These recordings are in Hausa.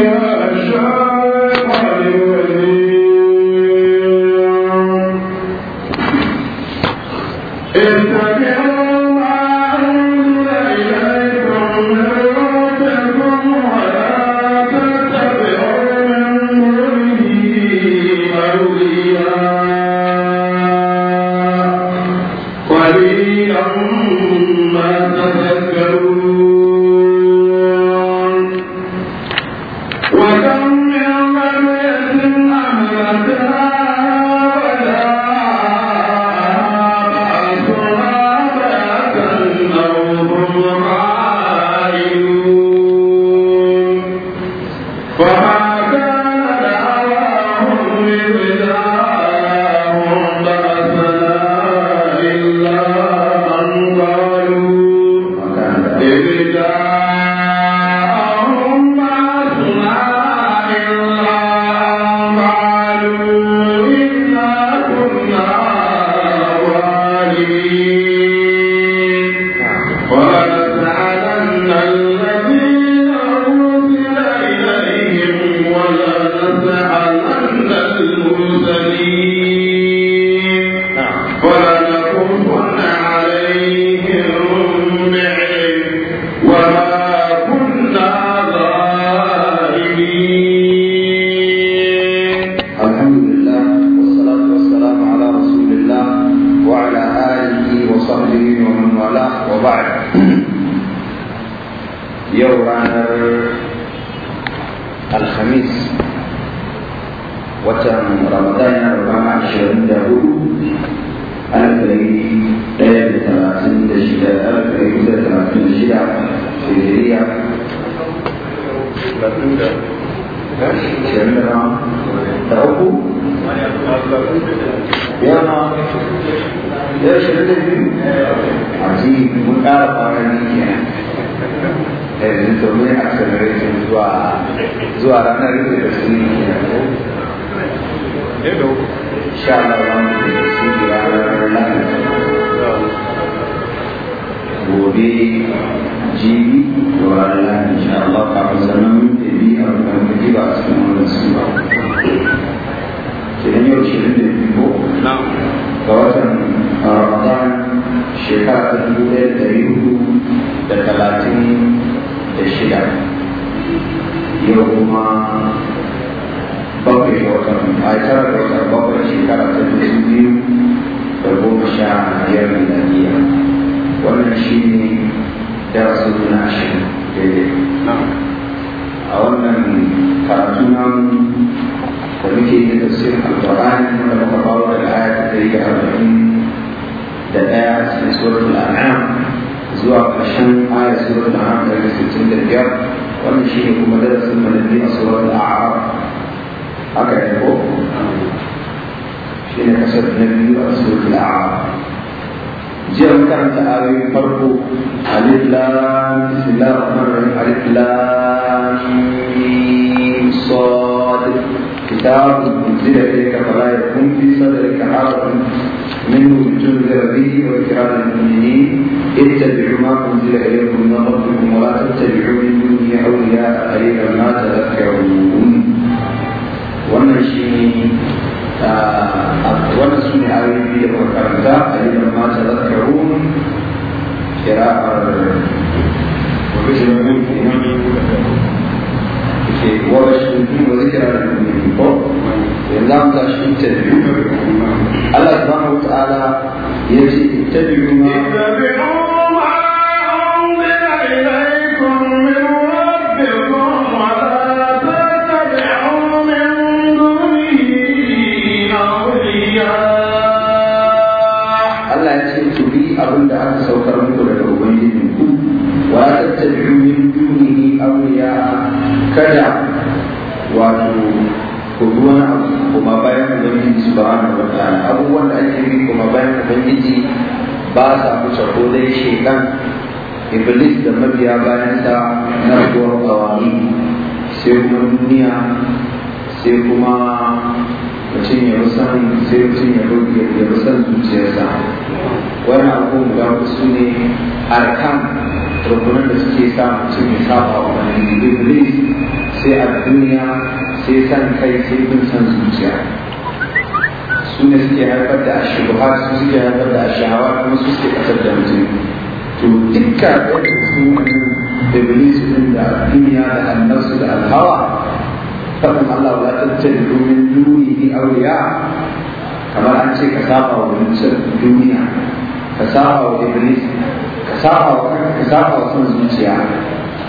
يشاء karanta ayoyin الف لام lam bismillahir rahmanir rahim كتاب أنزل إليك فلا يكن في صدرك حرج منه لتنذر به وذكرى المؤمنين اتبعوا ما أنزل إليكم من ربكم ولا تتبعوا من دونه أولياء قليلا ما تذكرون ومن شيء wannan su ne ayoyi da muka karanta a yi ma ta zakaru kira'ar ke wabashin duk wa zikira da mummuni ko yanzu an ta shi tabi'u Allah subhanahu wa ala ya ce tabi'u ma tabi'u ma unzila ilayka kada wato ku wani abu kuma bayan ubangiji subhanahu wa ta'ala abubuwan da ake yi kuma bayan ubangiji ba sa wuce ko dai shekan iblis da mabiya sa na raguwar kawani sai kuma duniya sai kuma mutum ya san sai mutum ya rubuta zuciyarsa wani abu guda su ne arkan rukunan da suke samu cikin ya saba wa wani iblis sai a duniya sai san kai sai bin san zuciya su ne suke haifar da ashubuhat su suke haifar da ashawa kuma su suke kasar da mutum to dukkan su iblis din da duniya da annabsu da alhawa fadin Allah la domin min ni awliya kamar an ce ka saba wa mutum duniya ka saba wa iblis saba saba son zuciya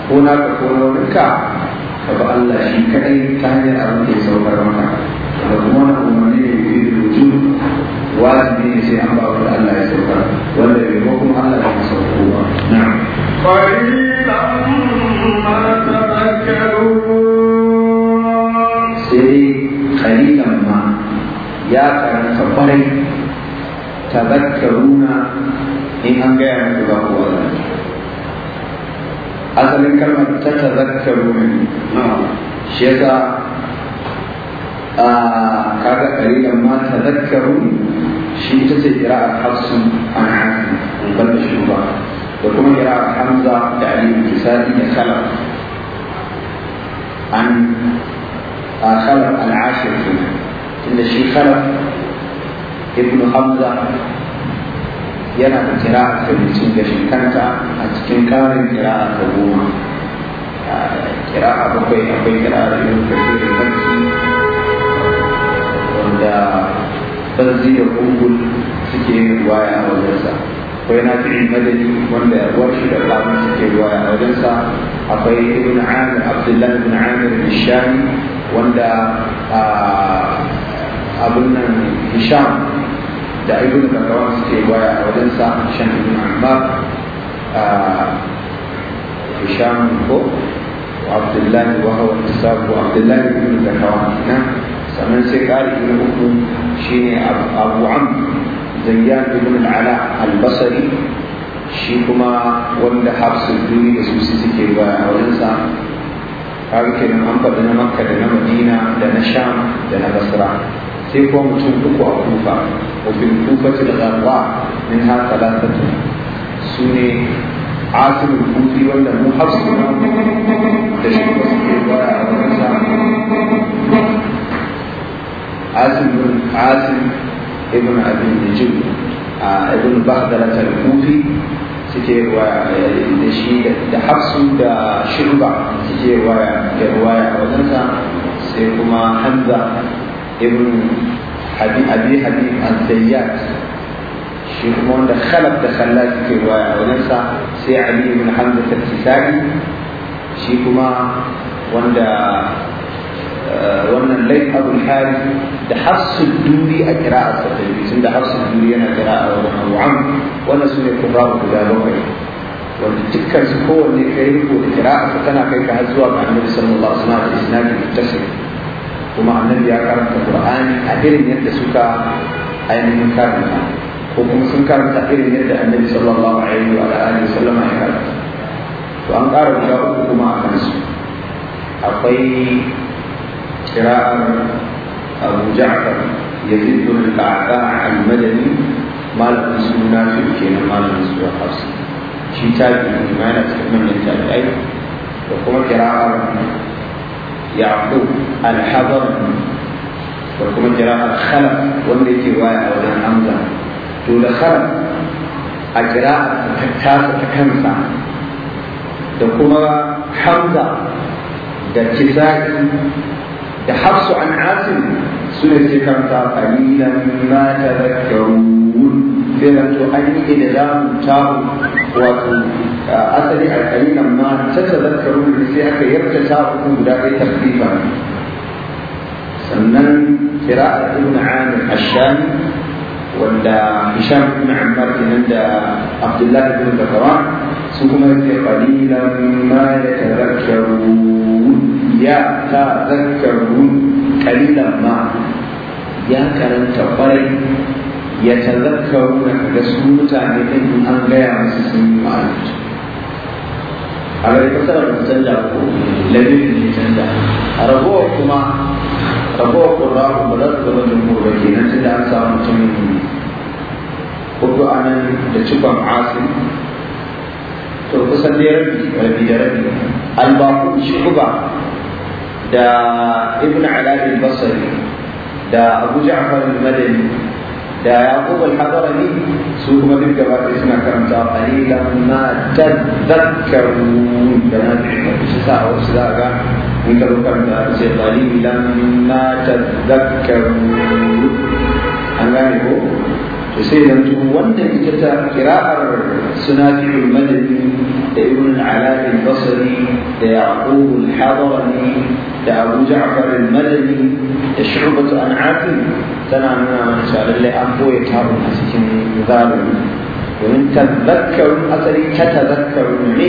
ko na ka ko wurinka ka ba Allah shi kadai ta hanyar abin da ya saukar maka da kuma wani umarni da ya yi rutu wajibi ne sai an ba da Allah ya saukar wanda bai ko kuma Allah ya sauko ba na'am sai kalilan ma ya karanta kwarai tabakkaruna in an gaya muku za ku wani asalin kalmar ta tazakkaru min shi yasa a kaga kalilan ma tazakkaru shi ita ce kira'ar hafsun an hafi ban da shuba da kuma kira'ar hamza da aliyu kisari da khalaf an khalaf al-ashir tunda shi khalaf ibnu hamza yana da kira a kabicin gashin kanta a cikin karin kira a goma kira a bakwai akwai kira a yin da barci wanda barzi da kungul suke yin waya a wajensa akwai na fi madani wanda ya shi da kamun suke waya a wajensa akwai ibn amir abdullahi ibn amir bishani wanda abunan nan hisham da ayyukan kakawa suke waya a wajen sa shan ibn ammar hisham ko abdullahi wa hawa sabu abdullahi ibn kakawa na sannan sai kari ibn uku shine abu am zayyan ibn al'ala al-basri shi kuma wanda hafsul duni da su suke waya a wajen sa kaga kenan an faɗi na makka da na madina da na sham da na basra sai kuma mutum uku a kufa wafin da gharwa min ha talatatu su ne asim kufi wanda mu hafsu da shi ba su ke a wajen sa asim bin asim ibn abin najib a ibn bahdara kufi suke waya da shi da hafsu da shirba suke waya da waya a wajen sai kuma hamza ابن حبيب أبي حبيب عن سيات شيخ مون دخل بتخلات في رواية ونسى سي علي بن حمزة التساري شيخ ما وندا آه، وانا ليت ابو الحارث دحص الدوري اجراء التدريس دحص الدوري انا اجراء وعم وانا سوري قراء بلا لغه وتتكلم سكون لكي يكون اجراء فتنا كيف هزوا بعمل سلم الله صلاه الاسناد المتسم kuma annabi ya karanta qur'ani a irin yadda suka ainihin karanta ko kuma sun karanta irin yadda annabi sallallahu alaihi wa alihi wasallam ya karanta to an ƙara guda uku kuma a kansu akwai kira'ar abu ja'far yazid bin al-qa'qa al-madani malamin suna shi kenan malamin suna hafsi shi ta bi ma yana cikin manyan tabi'ai da kuma kira'ar yaqub al-hadar da kuma kira'ar khalaf wanda yake waya a wajen to da khalaf a kira'ar ta tasa ta kansa da kuma hamza da kisa'i da hafsu an asim su ne sai qalilan ma tadhakkarun sai to an yi da zamu tahu wato asali a kalilan ma ta tazakkaru ne sai aka yarda ta uku guda ɗaya takfifa sannan kira'ar ibn amir ashami wanda hisham ibn ammar kenan da abdullahi ibn zakaran su kuma ce qalilan ma ya yatazakkarun ya tazakkarun qalilan ma ya karanta kwarai ya tazakkaru na kaga su mutane ɗin in an gaya musu sun yi ma'anarci a bai kasar da canza ko lamirin ne canza a ragowar kuma ragowar kurra ba za su zama jumhur ba ke nan tunda an samu mutumin ne hudu a nan da cikon asin to kusan dai rabi rabi da rabi albaku shi kuba da ibn ala'il basari da abu ja'far al-madani يعقوب الحضرمي ما ذلك بعد اسمها كرم تعالى قليلا ما تذكرون كما تحبون سساعة وسلاقة انت لو كرم تعالى قليلا ما تذكرون أنا قال تسير سيد أن تكون وانت كتا كراء سنافر المدن ابن العلاء البصري يعقوب الحضرمي أبو جعفر المدني da shu'batu an asim tana nuna mana cewa lallai an boye taron a cikin zalimi domin tazakkarun asali ta tazakkarun ne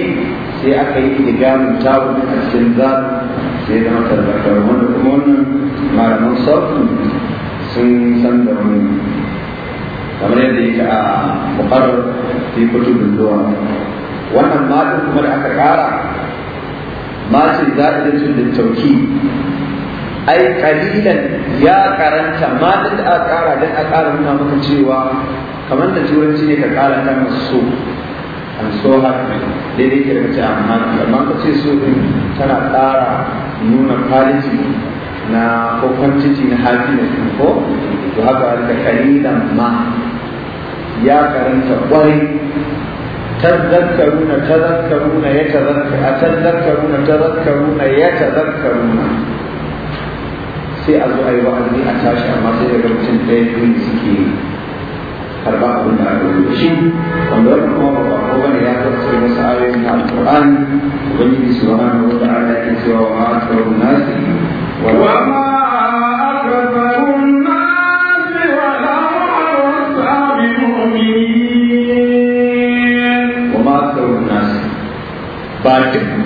sai aka yi idigamin taron a cikin zalimi sai zama tazakkarun wanda kuma wannan malaman sauƙi sun san da wani kamar yadda yake a bukar fi kutubin wannan matan kuma da aka kara a yi da tauki ai kalilan ya karanta ma da a kara dan a kara nuna maka cewa kamar da turanci ne ka kara kan so an so happy daidai ke da amma amma ka ce so din tana kara nuna quality na ko kwantiti na happiness ko to haka da kalilan ma ya karanta kwarai tazakkaruna تذكرون يتذكر tazakkaruna تذكرون يتذكرون sai a zo a yi wa'azi a tashi amma sai daga mutum ɗaya biyu suke karɓa abin da aka rubuta shi wanda wani kuma ba ba ko bane ya tafsir wasu ayoyin na alƙur'an ubangiji subhanahu wa ta'ala yake cewa wa ma'a tsarun nasi wa ma'a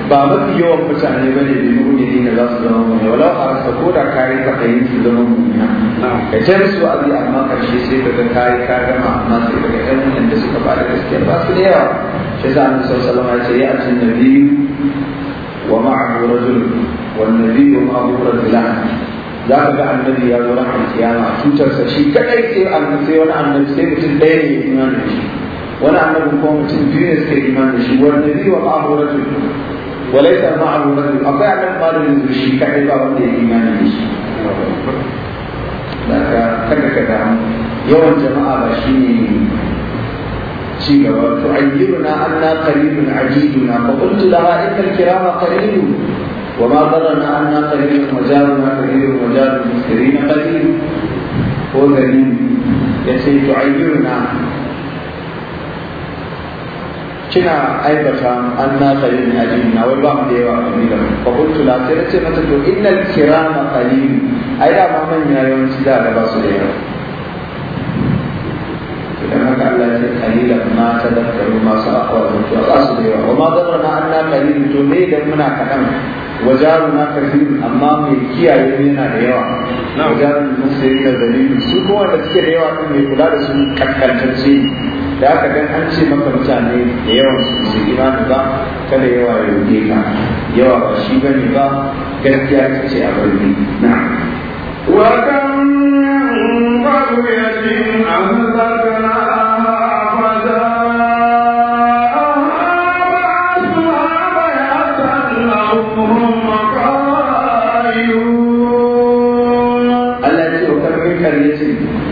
ba mafi yawan mutane ba ne da mu'mini ne za su zama mu'mini walau a rasa ko da kare ka kai su zama mu'mini ka ce musu abi amma karshe sai daga ga ka gama amma sai daga ga ɗan mutum da suka bada gaskiya ba su da yawa shi sa annabi sallallahu alaihi wasallam ya ce ya atin nabi wa ma'ahu rajul wa nabi wa ma'ahu rajulan za ka ga annabi ya zo ran kiyama tutarsa shi kadai sai annabi sai wani annabi sai mutum ɗaya ne ya imani da shi wani annabi ko mutum biyu ne suka imani da shi wani nabi wa ma'ahu rajul وليس معه رجل akwai akan malamin da shi kadai ba wanda ya imani da shi daga kada ka damu yawan jama'a ba shi ne ci gaba to ayyuna anna qalilun ajiduna fa qultu laha inna al-kirama qalilun wa ma dharana anna qalilun majaluna qalilun majalun musirina qalilun ko gani yace to ayyuna kina aibata an na kalin jini na wai ba mu da yawa kalila fa kuntu la sai ce mata to ina innal kirama qalil ai da ma manya yawanci da ba su da yawa idan haka Allah ya ce qalilan ma tadakkaru masu sa aqwa mutuwa ba su da yawa zama na an na qalil to ne idan muna kaɗan wajaru na tsari amma mai kiyaye yana da yawa wajarun musulmi da dalilin su kowa da suke da yawa ne mai kula da su kankantacce da aka dan an ce maka mutane da yawan su imani ba kada yawa ya rude ka yawa ba shi bane ba gaskiya ta ce a barbi na wa kan qaryatin amsakna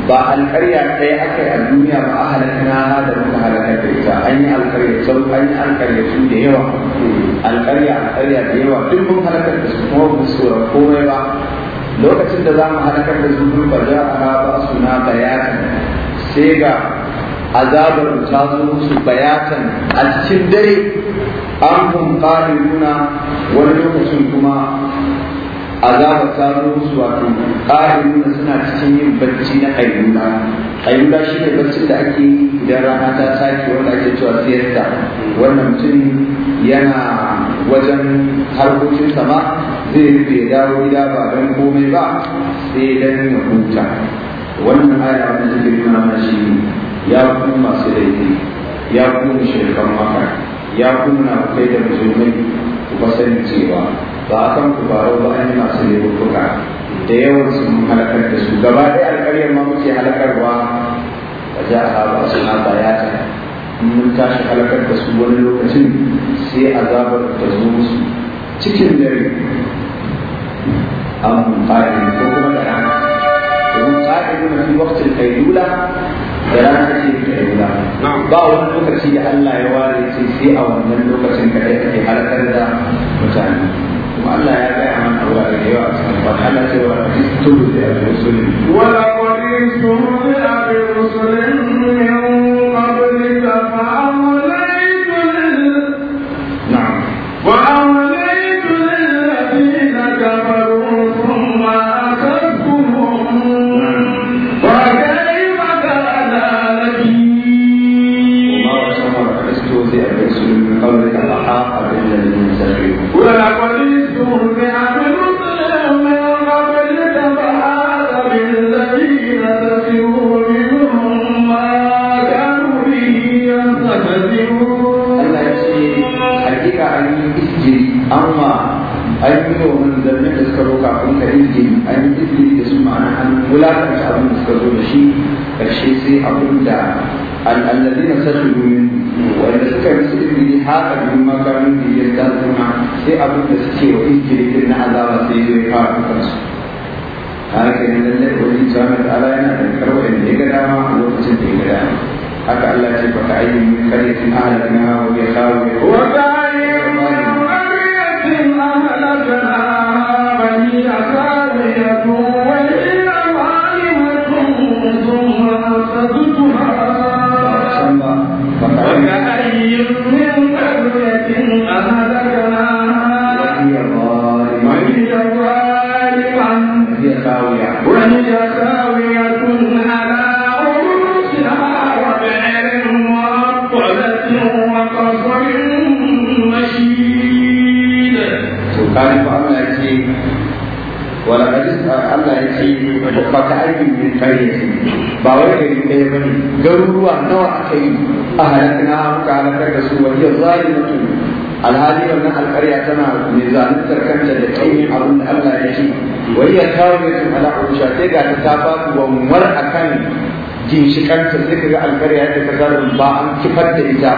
ba alƙarya ɗaya aka yi a duniya ba a halakana kakarta an yi alkarya sau an yi alkarya su da yawa alkarya alkarya da yawa duk mun halakar da su kuma mun tsora komai ba lokacin da za mu halakar da su duk baja a ba suna bayatan sai ga azabar ta zo musu bayatan a cikin dare an kun ƙari nuna wani lokacin kuma azabar ta zo musu wato ƙari nuna suna cikin yin bacci na ƙailula ayyuka shi ne barcin da ake idan rana ta sake wanda ake cewa siyarta wannan mutum yana wajen harkokin sama zai rufe dawo gida ba don komai ba sai dan ya huta wannan aya wanda suke nuna mana shi ya ku masu laifi ya ku shirkan maka ya ku na kai da musulmai ku sani cewa ba a kan ku ba ba an yi masu laifuka da yawan sun halakar da su gaba da alƙaryar ma muke halakarwa a jaha ba su na ta mun tashi halakar da su wani lokacin sai azabar da zo musu cikin dare an ƙari ko kuma da rana domin ƙari na fi waktin kailula da rana ce kailula ba wani lokaci da Allah ya ware sai a wannan lokacin da ake halakar da mutane وألا يبيع من هو إيجاز وحلت ولقد استهزئ ولا ولقد استهزئ برسل من قبلك فأمر sai abin da al'allazi na sashi domin suka yi su ilmi ne haka domin makarin da ya sai abin da suke wa ilmi na azaba sai zai fara kuka su haka yin lallai wani jami'ar ala yana da karwayan da ya ga dama a lokacin da ya haka allah ce baka ayyukan kare sun ala na hawa ya kawo ya kowa ba وقصر مشيد سبحان الله يكفي ولقد الله يكفي وكأي من قرية باوي كريم كي بني قروا نوع كي أهلكناها وكالك رسول وهي ظالمة alhali wannan alƙarya tana mai zalintar kanta da kai abin da Allah ya ce wai ya kawo mai tun ala urusha sai ga ta ta fasu wa umar akan ginshikanta sai ka ga alkarya da ka ba an kifar da ita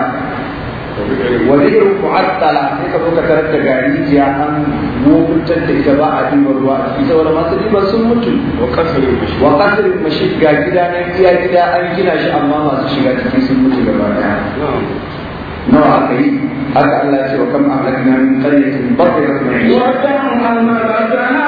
wazir mu'attala sai ka zo ka tarar da gari jiya an mutuntar da ita ba a dima ruwa a cikin saboda masu dima sun mutu wa kasar mashi mashi ga gida na iya gida an gina shi amma masu shiga ciki sun mutu gaba daya nawa aka yi haka Allah ya ce wa kam bakwai da kuma yi wata wa ba ahlakna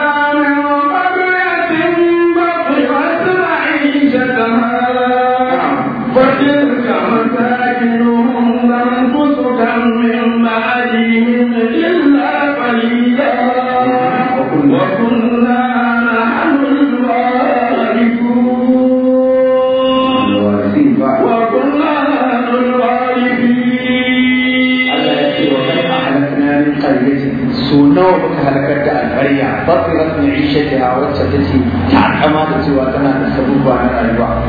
basirar mai rishe ta wacce ta ce ta kama da cewa tana da sabuwa na rayuwa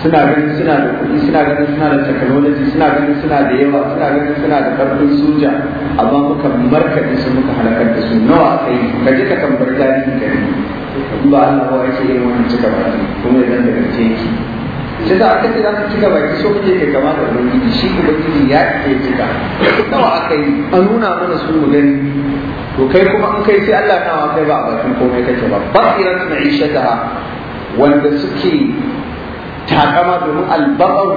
suna ganin suna da kuɗi suna ganin suna da technology suna ganin suna da yawa suna ganin suna da ƙarfin soja amma muka markaɗe su muka halakar da su nawa kai ka je ka kan bar tarihi ka yi ba Allah ba ya ce irin wannan cika baki kuma idan da gaske yake sai da aka ce za ka cika baki so kake kai kama da ubangiji shi ubangiji ya ke cika nawa aka yi a nuna mana su mu gani to kai kuma in kai sai Allah nawa kai ba a bakin komai kake ba basiran ma'ishataha wanda suke takama domin albaqar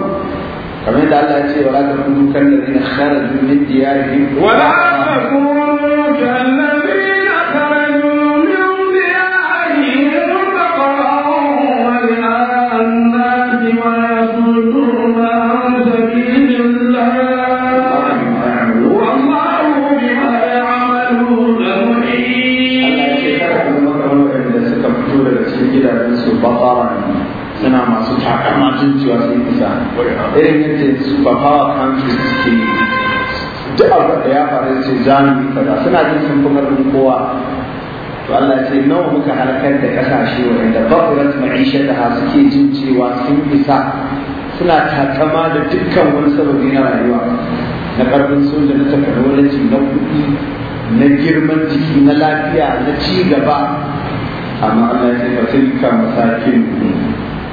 kamar yadda Allah ya ce wa la takunu kan ladina kharaju min diyarihim wa la takunu kan amma cewa sun isa irin yadda super power countries ke duk abu da ya faru ce zamu suna jin sun fi karfin kowa to Allah ce nawa muka harkar da kasashe wanda bakurat ma'ishataha suke jin cewa sun isa suna tatama da dukkan wani sababi na rayuwa na karfin soja na technology na kuɗi na girman jiki na lafiya na ci gaba amma Allah ce fa tilka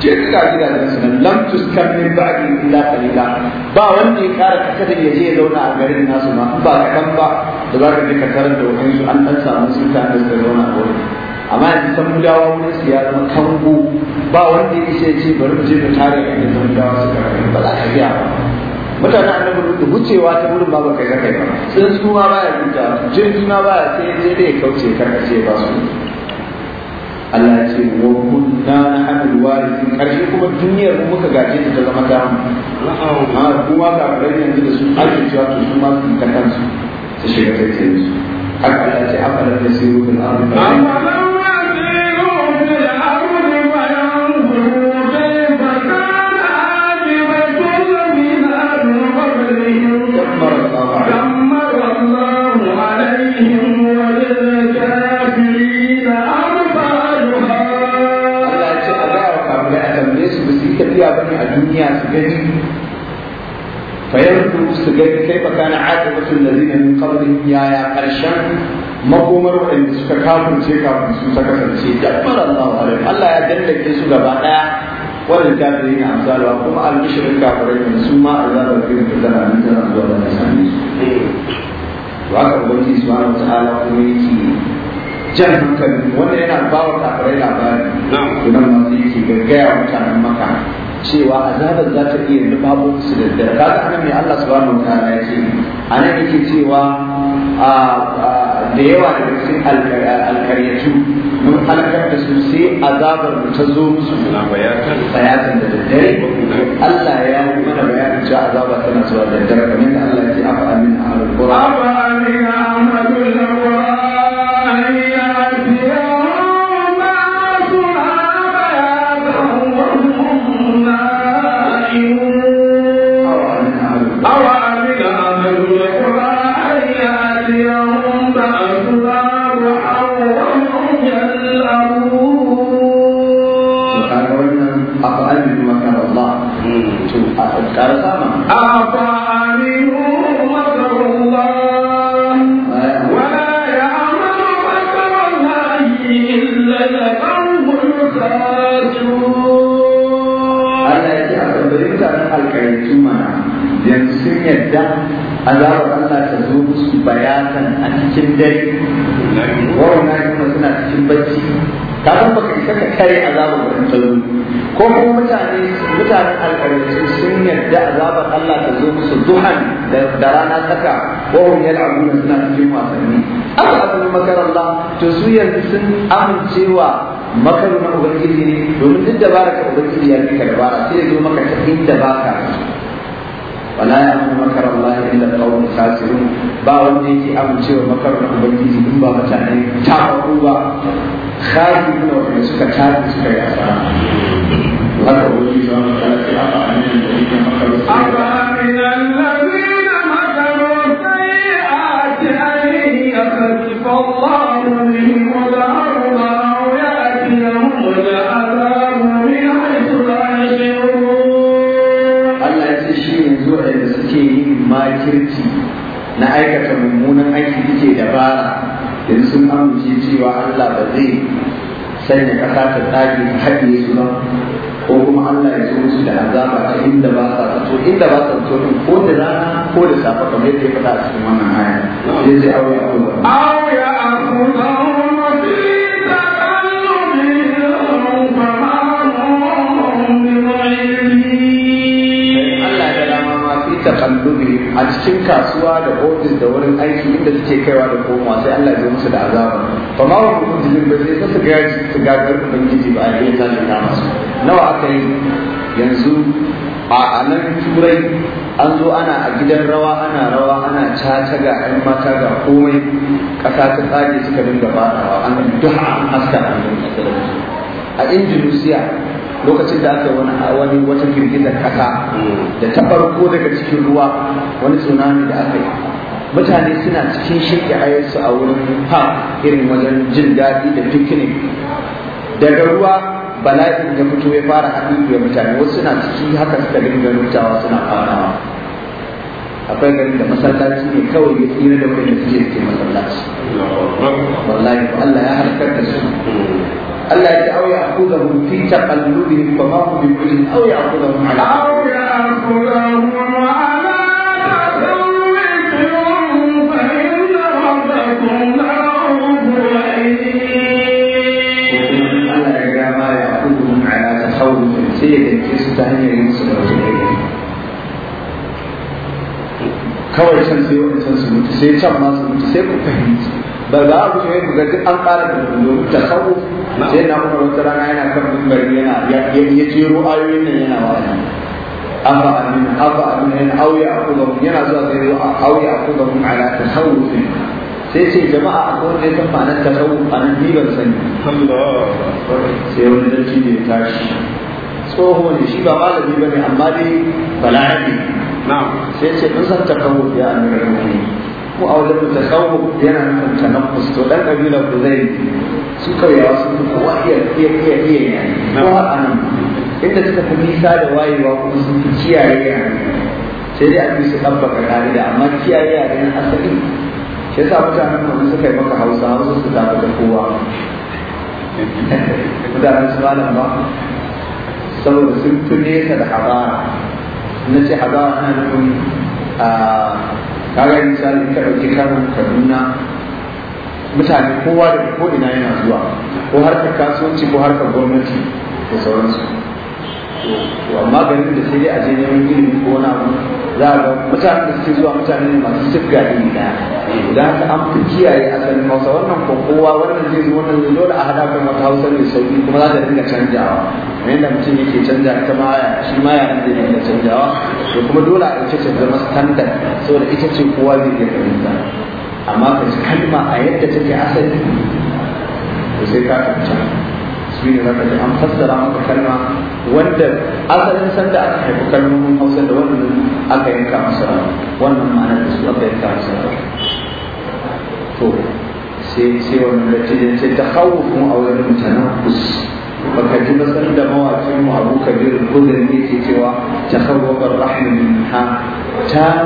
jilla gidajen su nan lam tuskar min ba'di illa qalila ba wanda ya kara kasada ya je ya zauna a garin nasu ma ba kan ba da za ka je ka da wajen su an dan samu su ta da su zauna a wurin amma yanzu san mu dawo wurin su ya zama kango ba wanda ya ce ce bari mu je mu tare a inda san mu dawo su karatu ba za ka ba mutanen annabi da wucewa ta wurin ba kai ka kai ba sun su ma baya huta jirgi ma baya sai da ya kauce karkace ba su Allah ya ce wa kunna nahnu warisin karshe kuma duniyar mu muka gaje ta zama ta mu ha ah, kuma ga bayan yanzu da su ake cewa to su ma su ta su su shiga taitayin su haka Allah ya ce da afalan yasiru fil ardi a duniya su gani fayardu su gani kai bakana da zina min qablihim yaya karshen makomar waɗanda suka kafirce kafin su ta kasance dabbar Allah alaihi Allah ya dallake su gaba daya wannan kafirin na amsalwa kuma al-mushrik kafirai ne su ma azabar bin fitana min da zuwa da sami to haka ubangiji subhanahu wataala kuma yake jan hankali wanda yana ba wa kafirai labari to nan ma sai yake gaggaya mutanen maka cewa azabar za ta iya nufafo su da dare kaga anan mai Allah subhanahu wataala ya ce anan yake cewa da yawa daga cikin alkaryatu mun halakar da su sai azabar mu ta zo musu bayatan da daddare Allah ya yi mana bayanin cewa azaba tana zuwa da daddare kamar da Allah ya ce afa amin ahlul qura afa amin azabar Allah ta zo musu bayanan a cikin dare wa na kuma suna cikin bacci ka san baka isa ka kare azabar wannan tsaro ko kuma mutane mutanen alƙarfi sun yarda azabar Allah ta zo musu duhan da rana tsaka yi yal'abuna suna cikin wasanni aka abin makarar Allah to su yanzu sun amincewa makarin ubangiji ne domin duk dabara ka ubangiji ya fi ka sai ya zo maka ta inda baka wala ya amma makar Allah illa qawmun khasirun ba wanda yake amincewa makar ubangiji in ba mutane ta ko ba khasirun suka tafi suka yi asara haka ubangiji ya makar Allah illa qawmun khasirun na aikata mummunan aiki da dabara yanzu sun amince cewa Allah ba zai sanya ƙasa ta tsage ta haɗe su ba ko kuma Allah ya zo su da azaba ta inda ba sa fito inda ba sa fito din ko da rana ko da safa kamar yadda ya faɗa a cikin wannan aya aure a cikin kasuwa da ofis da wurin aiki inda suke kaiwa da koma sai Allah ya musu da azaba ba ma wani mutum ba sai su gaji su gagar ubangiji ba a yi tashi kama su nawa aka yi yanzu a nan turai an zo ana a gidan rawa ana rawa ana caca ga yan mata ga komai ƙasa ta tsage suka dinga fadawa an duha an haska a indonesia lokacin da aka wani wani wata girgizar kasa da ta farko daga cikin ruwa wani tsunami da aka yi mutane suna cikin shirki ayarsu a wurin ha irin wajen jin daɗi da picnic daga ruwa bala'in ya fito ya fara haɗi ya mutane wasu suna ciki haka suka dinga rutawa suna farawa akwai garin da masallaci ne kawai ya tsira da da suke masallaci wallahi Allah ya harkar da su hmm. ألا أو يأخذهم في تقلبهم فما بكل أو يأخذهم على أو يأخذهم على تخوفهم فإن ربكم لرؤوف رحيم ألا إذا ما يأخذهم على تخوف سيدا يستهني المسلمين kawai can sai wani can su mutu sai can ma su ba za a kusa yin ga duk an ƙara da ta kawo sai na kuma wata rana yana kan mimbari yana ya jero ayoyin nan yana wani afa amin afa amin yana auya a kuma yana zuwa sai zuwa auya a kuma mun ala ta kawo sai ce jama'a a kowane zai ya san ma'anar ta kawo a nan ni ban sani sai wani dalci ne ya tashi tsoho ne shi ba malami ba ne amma dai bala'i sai ce mun san ta kawo ya amirar mu'minin ko a wajen tasawuf yana nufin tanaffus to dan kabila ku zai su karyawa wasu fi kowa iya iya iya ne kowa a nan inda suka fi nisa da wayewa kuma sun fi kiyaye a sai dai an fi su ɗabbaka da amma kiyaye a nan asali shi yasa mutanen mu suka yi maka hausa wasu su zaɓa da kowa mutanen su malam ba saboda sun fi nesa da habara na ce habara ana nufin kaga misali ka ɗauki kano kaduna mutane kowa da ko ina yana zuwa ko harkar kasuwanci ko harkar gwamnati da sauransu to amma ganin da sai dai a je neman ilimi ko na za a ga mutanen da suke zuwa mutane ne masu sifga iri daya da haka an fi kiyaye asalin hausa wannan ko kowa wannan zai zo wannan zai da a hada kan wata hausa mai sauki kuma za ta dinga canjawa kamar yadda mutum yake canja ta ma shi ma ya da dinga canjawa to kuma dole a ɗauke masu tantan. standard saboda ita ce kowa zai iya fahimta amma ka kalma a yadda take asali to sai ka fahimta shine da ji an fassara maka kalma wanda asalin sanda aka haifi kalmomin Hausa da wannan aka yanka masa wannan ma'anar da su aka yanka masa to sai sai wannan da ce sai ta hawo kuma a wajen mutanen kus baka ji ba san da mawakin mu Abu Kabir Kudin ke cewa ta hawo bar rahmin ha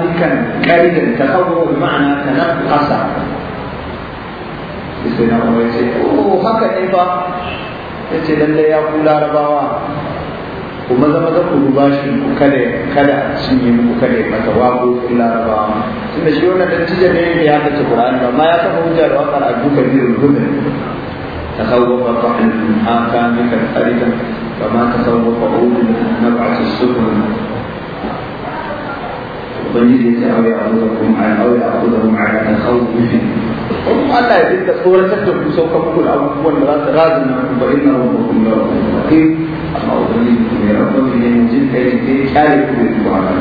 nikan qaidan ta hawo ma'ana tanaqqasa sai na wani ce oh haka ne ba ya ce lallai ya ku larabawa ku maza maza ku duba shi ku kada kada sun yi muku kada mata waƙoƙin larabawa tunda shi wannan dattijan ne ne ya ka ci Qur'ani amma ya ka hujja da wakar abuka waƙar Abu Kabir al-Ghumri tasawwafa fa'il haka mika tarikan kama tasawwafa ulul nab'at as-sufur ubangiji ya ce auya auzahum ala auya auzahum ala shi in Allah ya dinka tsoratar da ku sauka muku da abubuwan da za su razu na ku ba inna wa kun da ke amma wani ne rabbi ne mun jin kai ne kyale ku da ku ana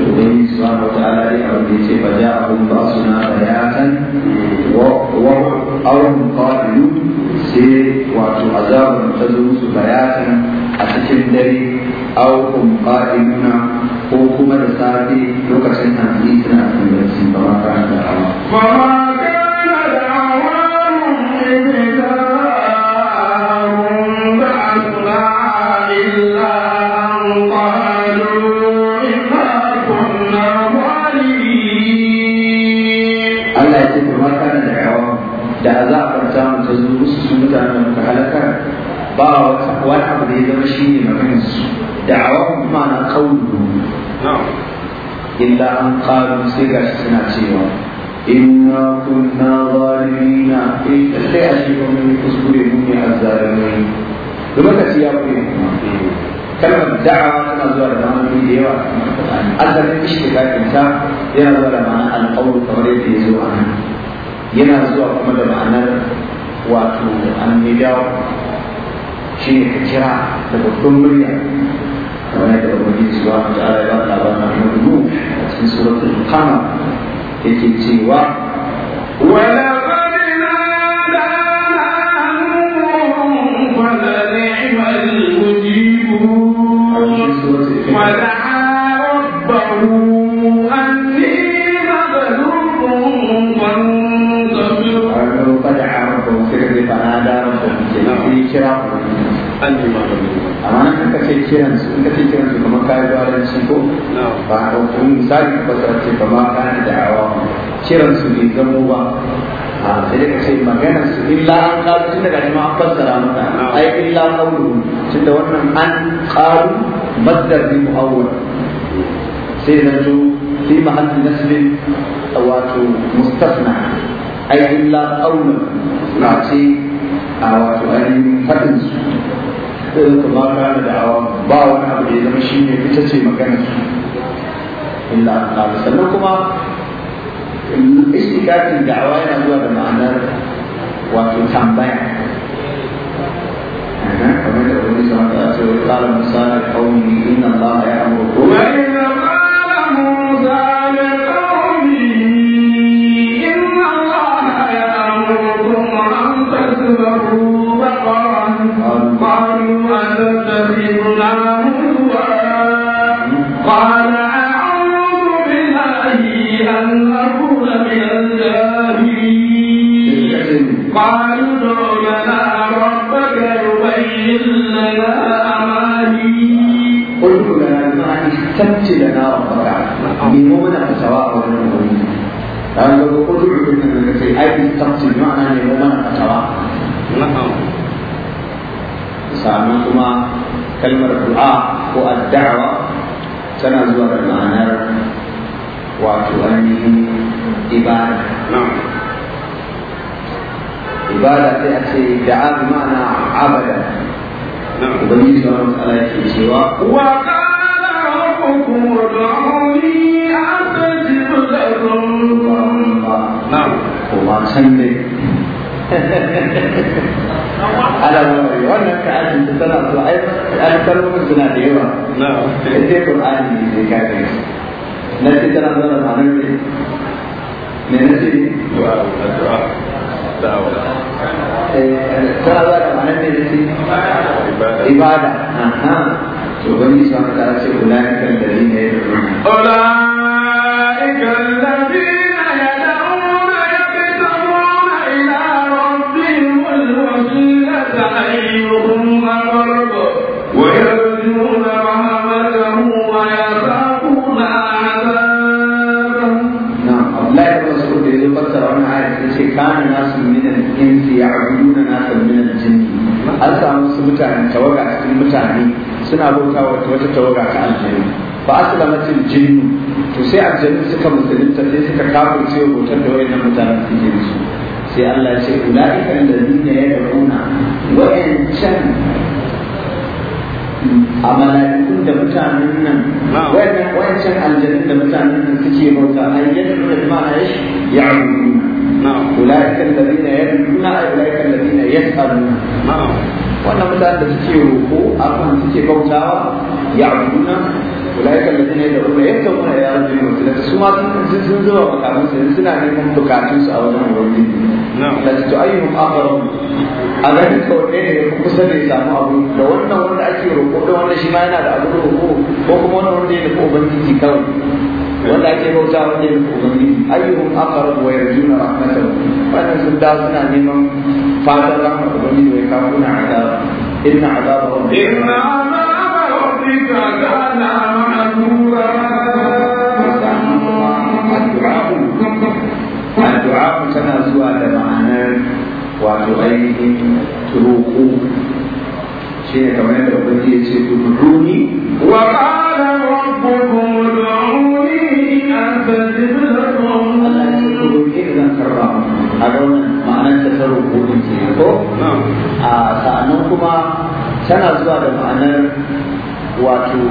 to dai subhanahu wa ta'ala dai abin da yace fa ja'ahum ba'suna bayatan wa wa awum qalu sai wato azabun ta zo musu bayatan a cikin dare aw hum na. ko kuma da safe lokacin hantsi suna kan barci ba ma kana da hawa ba wani abu da ya zama shi ne maganarsu kuma ma'ana kaunu illa an qalu sai ga suna cewa inna kunna zalimina sai a shi mun kuskure mun ne azzalimai da lokaci ya kuɗe kalmar da'a tana zuwa da ma'anoni da yawa asalin ishtiqaqin ta yana zuwa da ma'anar alqawl kamar yadda ya zo a yana zuwa kuma da ma'anar wato annidawa shine ka da babban murya هناك الأمين سبحانه وتعالى يرد على نحن في سورة القمر التي تيوا ولقد ناداهم فلنعم المجيبون ودعا ربه فنادى ربه في مغلوب amma nan ka ce kiran su in ka ce kiran su kamar kayi gwaranci ko ba a ɗauki misali ka fasara ce ba ma kayan da awa kiran su ne zamo ba a sai ka ce magana su illa an ƙaru tun daga nima an fassara maka ai illa ƙauru tun da wannan an ƙaru maddar bi mu'awwal sai na zo fi mahalli nasbin wato mustasna ai illa ƙauru na ce a wato ainihin faɗin su dan kemarahan dan awam bawa nak beli dan mesin ni kita cik makan Inna Allah bersama Istikah di da'wah yang ada makna Waktu sampai Kami tak boleh sama-sama Kalau misalnya kau ni Inna Allah ya Allah Inna Allah aikin tafsir ma'ana ne mana fatawa sannan kuma kalmar du'a ko addawa tana zuwa da ma'anar wato ainihin ibada ibada sai a ce da'a bi ma'ana abada ubangiji subhanahu wa ta'ala cewa wa أخلي على نوري وانا كعاد انت سنة طلعت انا كانوا من سنة ديوة نعم اديكم عادي من كاتب نسي سنة ضرب عن من نسي عبادة أولئك الذين an samu su mutane tawaga cikin mutane suna bauta wata tawaga ta aljanu fa aslamatil jinnu to sai aljanu suka musulunta sai suka kafirce bautar da nan mutanen su da su sai Allah ya ce ulai da ne ya dauna wayancan a mala'ikun da mutanen nan wayannan wayancan aljanun da mutanen nan suke bauta ayyatu da ma'ana ya ya'buduna ulaika da yad'una ulaika alladhina yas'aluna wannan mutanen da suke roko akan suke bautawa ya'buduna ulaikan da ne da ruwa yankan kuna ya rubu ne mutum da su ma sun zuba makamun su suna su a wajen wani da su ayyukan akarar a ganin kawai ne ya kusa da ya samu abu da wannan wanda ake roƙo da wanda shi ma yana da abu roƙo ko kuma wannan wanda ya nufi ubangiji kawai wanda ake bauta wanda ya nufi ubangiji ayyukan akarar wa yarjuna rahmatar wannan sun da suna neman fatan rahmatar ubangiji ya kawo na inna azaba rabbi inna azaba addu'a tana zuwa da ma'anar wato ainihin roƙo shi ne kamar yadda ubangiji ce ud'uni wa qala rabbukum ud'uni astajib a Allah ya a ga wannan ma'anar ta roƙo ne ke ko a kuma tana zuwa da ma'anar wato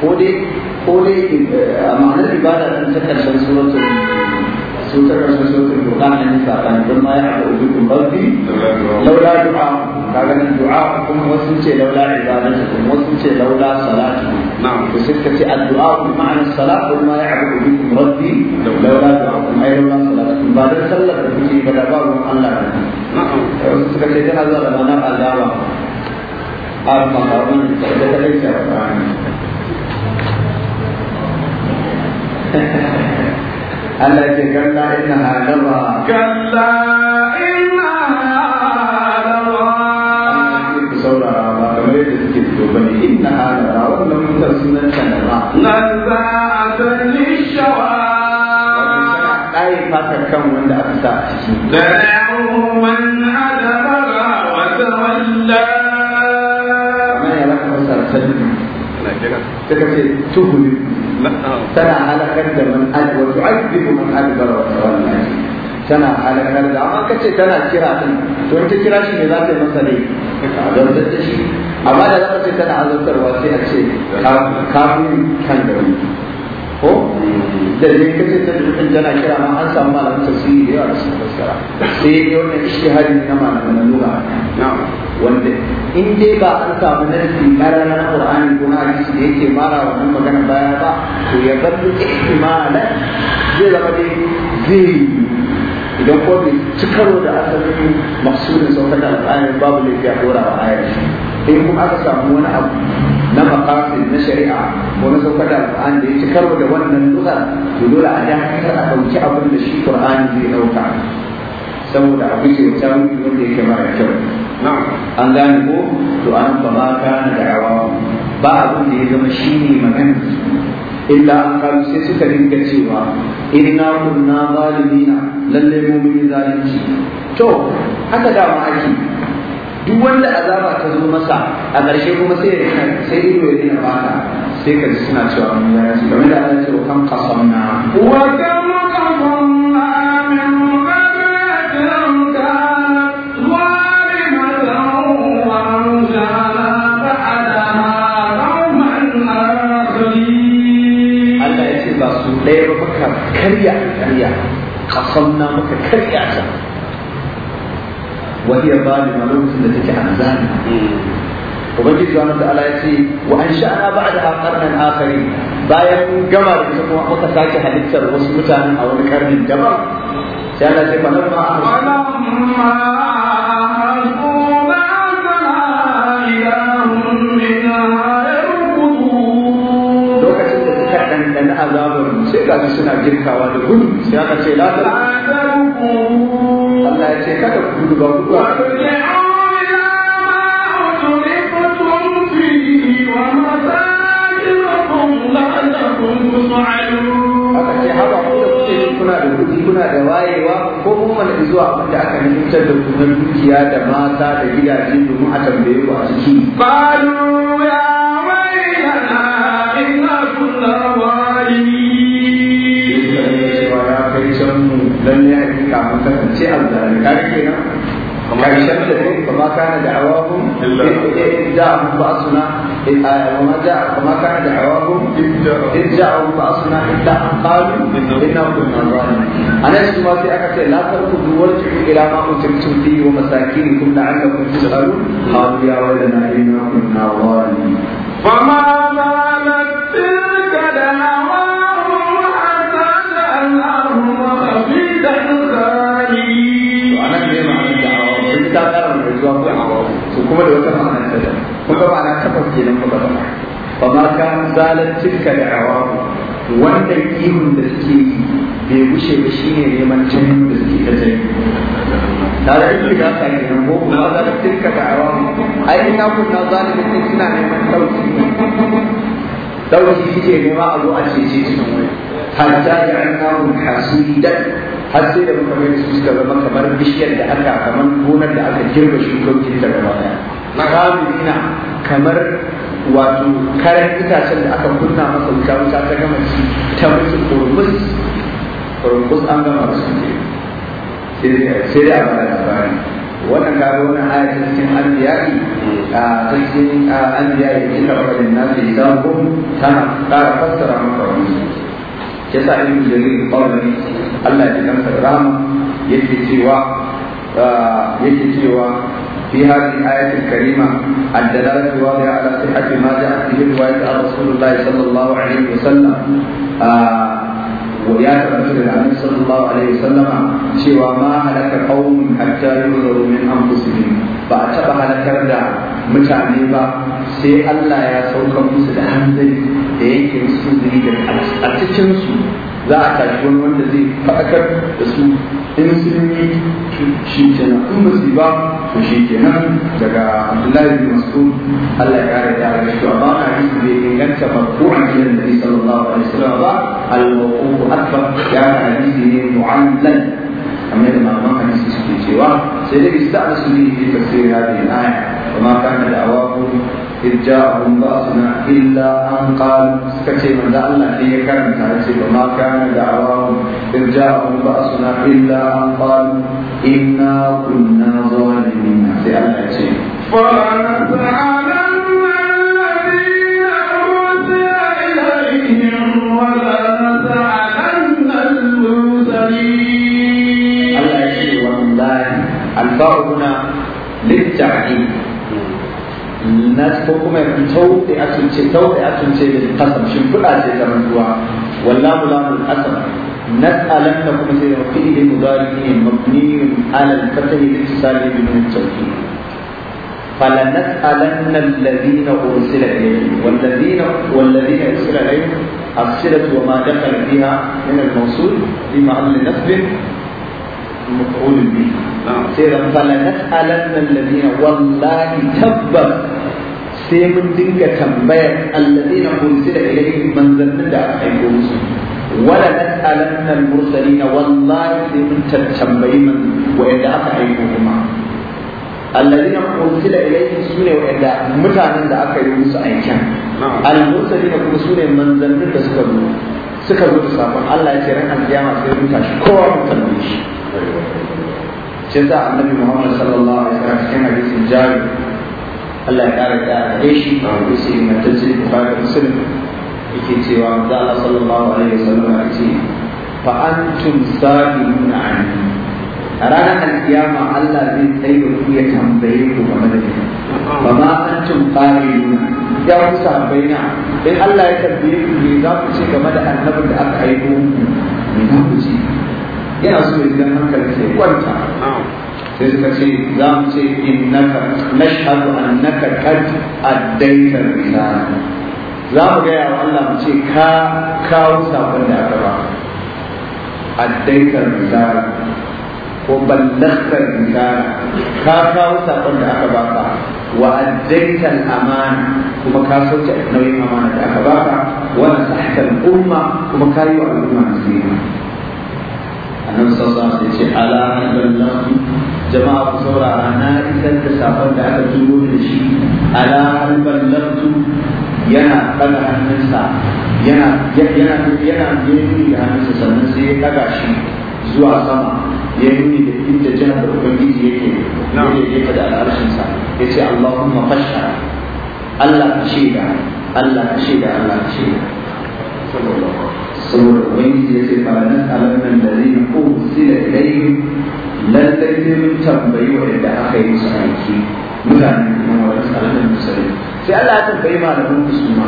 ko dai a eh, ma'anar ibada ɗin ta ƙarshen suratul sutar da sosai doka kan nan ka kan don ma ya haɗa ujukun rabbi laula du'a kaga du'a kuma wasu ce laula ta kuma wasu ce laula salatu na'am to sai ka ce addu'a bi ma'ana salat ma ya haɗa ujukun rabbi laula du'a kuma ai laula salatu ba dan sallar da kuke ba da ba ruwan Allah na'am suka ce tana zuwa da ma'anar aljawa المقامين الثلاثة ليس رفعان التي كلا إنها لظى كلا إنها لظى إنها لظى ولم تسنة لظى نزاعة للشوى أي فاتك كم من أفتاح suka ce tuhuli ah. tana halakar da man adwa tu'adhibu man adbara wa tawalla tana halakar da amma kace tana kira din to in ta kira shi ne za ta yi masa ne don ta ce amma da za ce tana azabtarwa sai a ce kafin kan da ko da ne kace ta dukkan tana kira ma an samu malamin tafsiri da yawa da suka fassara sai dai wannan ishtihadi na malamin nuna wanda in dai ba an samu nasi karara na qur'ani ko na hadisi da yake mara wannan magana baya ba to ya bar ihtimala zai zama dai zai idan ko bai ci da asalin maksudin saukar da al'ayar babu laifi a dora wa ayar in kuma aka samu wani abu na makasin na shari'a ko na saukar da al'ayar da ya ci karo da wannan lugar to dole a dakatar a ɗauki abin da shi qur'ani zai ɗauka saboda abu ce ya wanda yake mara kyau an gane ko to an ba ma kana da yawa ba abin da ya zama shi ne magana illa an kalu sai suka rinka cewa inna kunna zalimina lalle mu mun zalunci to haka da ma ake duk wanda azaba ta zo masa a ƙarshe kuma sai ya rinka sai ido ya rina baka sai ka ji suna cewa mun zalunci game da Allah ya ce wa qasamna wa فأخذنا متكريعة وهي ظالمة لوكس التي كان ظالمة وبنجي سبحانه وتعالى يسي وأنشأنا بعدها قرنا آخرين bayan gama da ita kuma muka sake halittar wasu mutanen a wani karnin ya mutane suna girkawa da gudu sai aka ce la ta Allah ya ce kada ku gudu ba ku aka ce haba da kuna da kudi kuna da wayewa ko kuma mana zuwa wanda aka nufitar da kuma na dukiya da mata da gidaje domin a tambaye ku a ciki. Balu ya sai Allah ne كان شمل نعم. فما كان دعواهم إيه، إيه، آه، وما جاء فما كان دعواهم إلا أن قالوا إنا كنا ظالمين أنا اسمع في أكثر لا تركضوا وارجعوا إلى ما أتمتم فيه ومساكينكم لعلكم تسألون قالوا يا ويلنا إنا كنا ظالمين فما بالت تلك دعوة fama kan zalar tilka da awa wannan ihun da suke yi bai gushe ba shi ne neman canyin da suke ta canyi tare da ilmi da sai ne ko kuma zalar tilka da awa ai ina kun na da ne suna neman dauki dauki suke nema a zo a cece cikin wani hatta ja'alnahum dan har sai da muka mai su suka zama kamar bishiyar da aka kamar gonar da aka girbe shukokin ta gaba daya ina kamar wato karan itacen da aka kunna masa wuta wuta ta gama shi ta mutu kurmus kurmus an gama su ne sai da abin da labari wannan gaba wannan aya ta cikin anbiya'i a cikin anbiya'i inda wajen nasu idan kun tana ƙara fassara maka wani ya sa ilimin jirgin kwallon Allah ya kansa rama yake cewa yake cewa في هذه الآية الكريمة الدلالة الواضحة على صحة ما جاءت به رواية رسول الله صلى الله عليه وسلم ويا رسول الله صلى الله عليه وسلم cewa ma halaka qaumun hatta yuzaru min anfusihim ba a taɓa halakar da mutane ba sai Allah ya sauka musu da hanzari da yake musu zuri da a cikin su za a tashi wani wanda zai faɗakar da su in sun yi shi kenan in ba su ba to shi kenan daga abdullahi bin mas'ud Allah ya kare ta da shi ba a yi bai inganta mabbu'an kiran da sallallahu alaihi wasallam ba al-mawqu akbar ya hadisi ne mu'allan kamar da malaman hadisi suke cewa sai dai ista'ana su ne ke tafsiri hadin aya kuma kana da awaku irja'ahum ba'suna illa an qalu suka ce manzo Allah ne ya karanta ya ce kuma kana da awaku irja'ahum ba'suna illa an qalu inna kunna zalimin sai Allah ce fa ana الناس ko kuma in tauɗe a tunce tauɗe a tunce da kasam shin kuɗa ce zaman ruwa wallahu lamul asam nas'alanna kuma sai da fi'il mudari ne mabni ala al-fath al-ittisal bi min al-tawkid فلنسألن الذين أرسل إليهم والذين والذين أرسل إليهم الصلة وما دخل فيها من الموصول في محل نسب مفعول به سيرا فلنسألن الذين والله تبت sai mun dinga tambayar alladina da ilayhim manzannin da aka aiko musu wala nas'alanna al na wallahi sai mun tambayi man wa'anda aka aiko kuma da ursila su ne wa'anda mutanen da aka yi musu aikin al-mursalina kuma sune manzannin da suka zo suka zo da sabon Allah ya ce ran alkiyama sai mun tashi kowa mun tambaye shi sai da annabi Muhammad sallallahu alaihi wasallam cikin hadisin jari Allah ya ƙara da gare shi sai mai tafsir Bukhari Muslim yake cewa manzo Allah sallallahu alaihi wasallam a ce fa tun sa'iluna nuna a A ranar alkiyama Allah zai tsaye ku ya tambaye ku game da ni ba ma antum nuna ya ku na, in Allah ya tambaye ku ne za ku ce game da annabin da aka aiko me za ku ce yana so ya ga hankalin kwanta sai suka ce za mu ce innaka nashhadu ka qad addaita risala za mu gaya wa Allah mu ce ka kawo sabon da aka ba addaita risala ko ballakta risala ka kawo sabon da aka ba ka wa addaita amana kuma ka sauke nauyin amana da aka ba ka wa nasahta al-umma kuma ka yi wa al'umma nasiha annabi sallallahu alaihi wasallam ya ce ala rabbillahi jama'a ku saurara na idan da safar da aka turo da shi ala rabbillahi yana daga hannunsa yana yana yana nuni da hannunsa sannan sai ya daga shi zuwa sama ya nuni da inda jihar da ubangiji yake yake yi da al'arshinsa ya ce allahumma fashar Allah ka shaida Allah ka shaida Allah ka shaida saboda ubangiji ya ce ba nan da zai yi ko da ilayhim lallai sai mun tambayi waɗanda aka yi musu aiki mutanen kuma wajen alamun musulmi sai Allah ya tambayi malamin musulma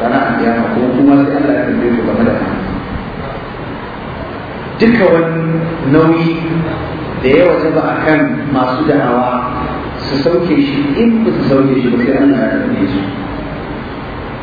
rana a kiyama ko kuma sai Allah ya tambayi su game da duka wani nauyi da ya wata ba a kan masu da'awa su sauke shi in ba su sauke shi ba sai Allah ya tambaye su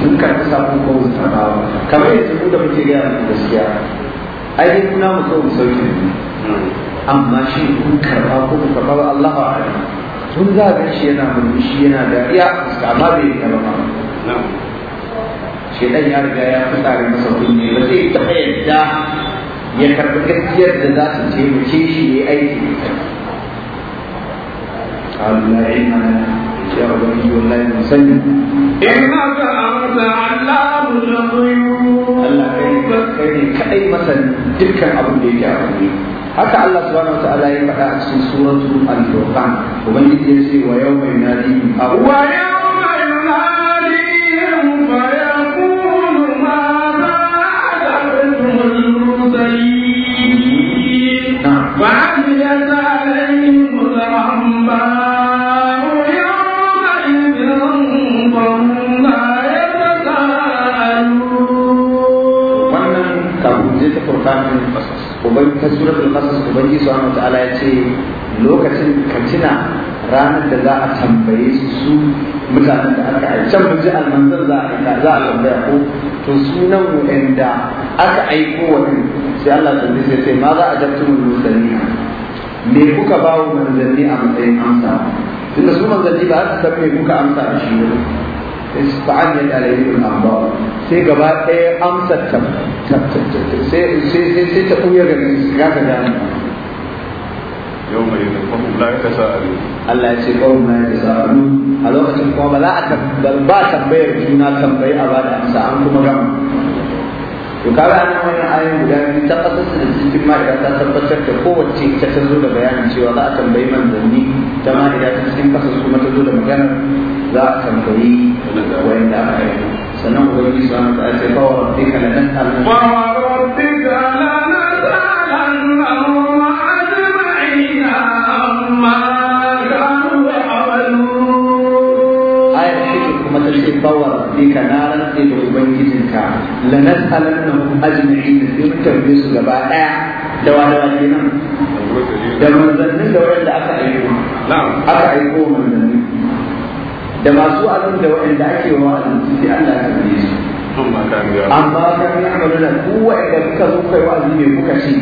sun karɓi sabon ko mun karɓa ba kamar yadda mu da muke gaya muku gaskiya ai dai kuna mu so mu sauke amma shi kun karɓa ko ku karɓa ba Allah ba tun za a gan shi yana murmushi yana dariya amma bai karɓa ba shedan ya riga ya fitare masa kunne ba zai taɓa yadda ya karɓi gaskiyar da za su taimake shi ya yi aiki قالوا لا علم لنا يا Allah والله المسلم إنك أنت علام الغيوب الله كيف كأي مثل تلك أبو يا ربي haka Allah subhanahu wa ta'ala ya faɗa a cikin suratu al-furqan ubangiji ya ce wa yawma yunadihim wa yawma yunadihim fa furqanin qasas uban ta suratul qasas ubangi subhanahu ta'ala ya ce lokacin katina ranar da za a tambaye su mutanen da aka aika can muji almanzar za a aika za a tambaya ko to sunan wanda aka aiko wani sai Allah da zai sai ma za a jabtumul musulmi me kuka ba wa manzanni a matsayin amsa tunda su manzanni ba za su san me kuka amsa a shi ne ista'aniyat alayhi al-anbar sai gaba ɗaya amsa ta sai sai sai ta kuya ga ga ga da yawma yunfahu la yatasaalu Allah ya ce qawm ya yatasaalu a lokacin kuma ba za a ba bayar juna tambayi a ba da amsa an kuma gama to kaga ana wannan ayoyin guda biyu ta kasar da cikin ma'ida ta tabbatar da kowace ita ta zo da bayanin cewa za a tambayi manzanni ta ma'ida ta cikin kasar kuma ta zo da magana za a tambayi wanda aka yi sannan ubangiji subhanahu wa ta'ala sai fa wa rabbika fawar dika na rantse da ubangijinka la nas'alannahu ajma'in sai sun tambaye su gaba daya da wani da kenan da manzannin da wanda aka aiko aka aiko manzanni da masu alun da wanda ake wa azan sai Allah ya tambaye su amma ka yi amalu da kuwa idan kuka zo kai wa azumi kuka ci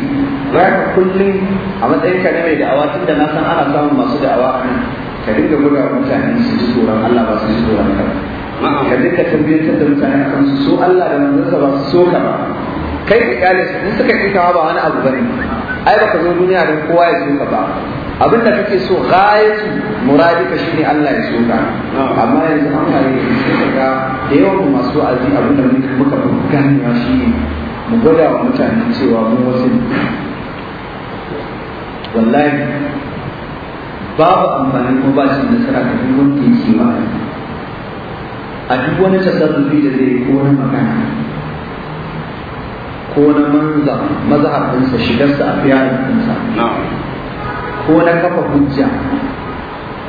ba ka kullum a matsayin ka na mai da'awa tun da na san ana samun masu da'awa a nan ka dinga buga mutane su ji tsoron Allah ba su ji tsoron ka ka duka tambayar da mutane kan su so Allah da manzansa ba su so ka ba kai ka kyale su in suka kinkawa ba wani abu bane ai baka zo duniya don kowa ya so ka ba abin da kake so ghayatu muradika shine Allah ya so ka amma yanzu an kare ka ga da yawan masu azi abin da muka ganewa shine mu gwada wa mutane cewa mu wasu wallahi babu amfani ko ba shi nasara kafin wanda ke ba. a duk wani tasarrufi da zai ko wani magana ko na manza mazhabinsa shigarsa a fiyarinsa ko na kafa hujja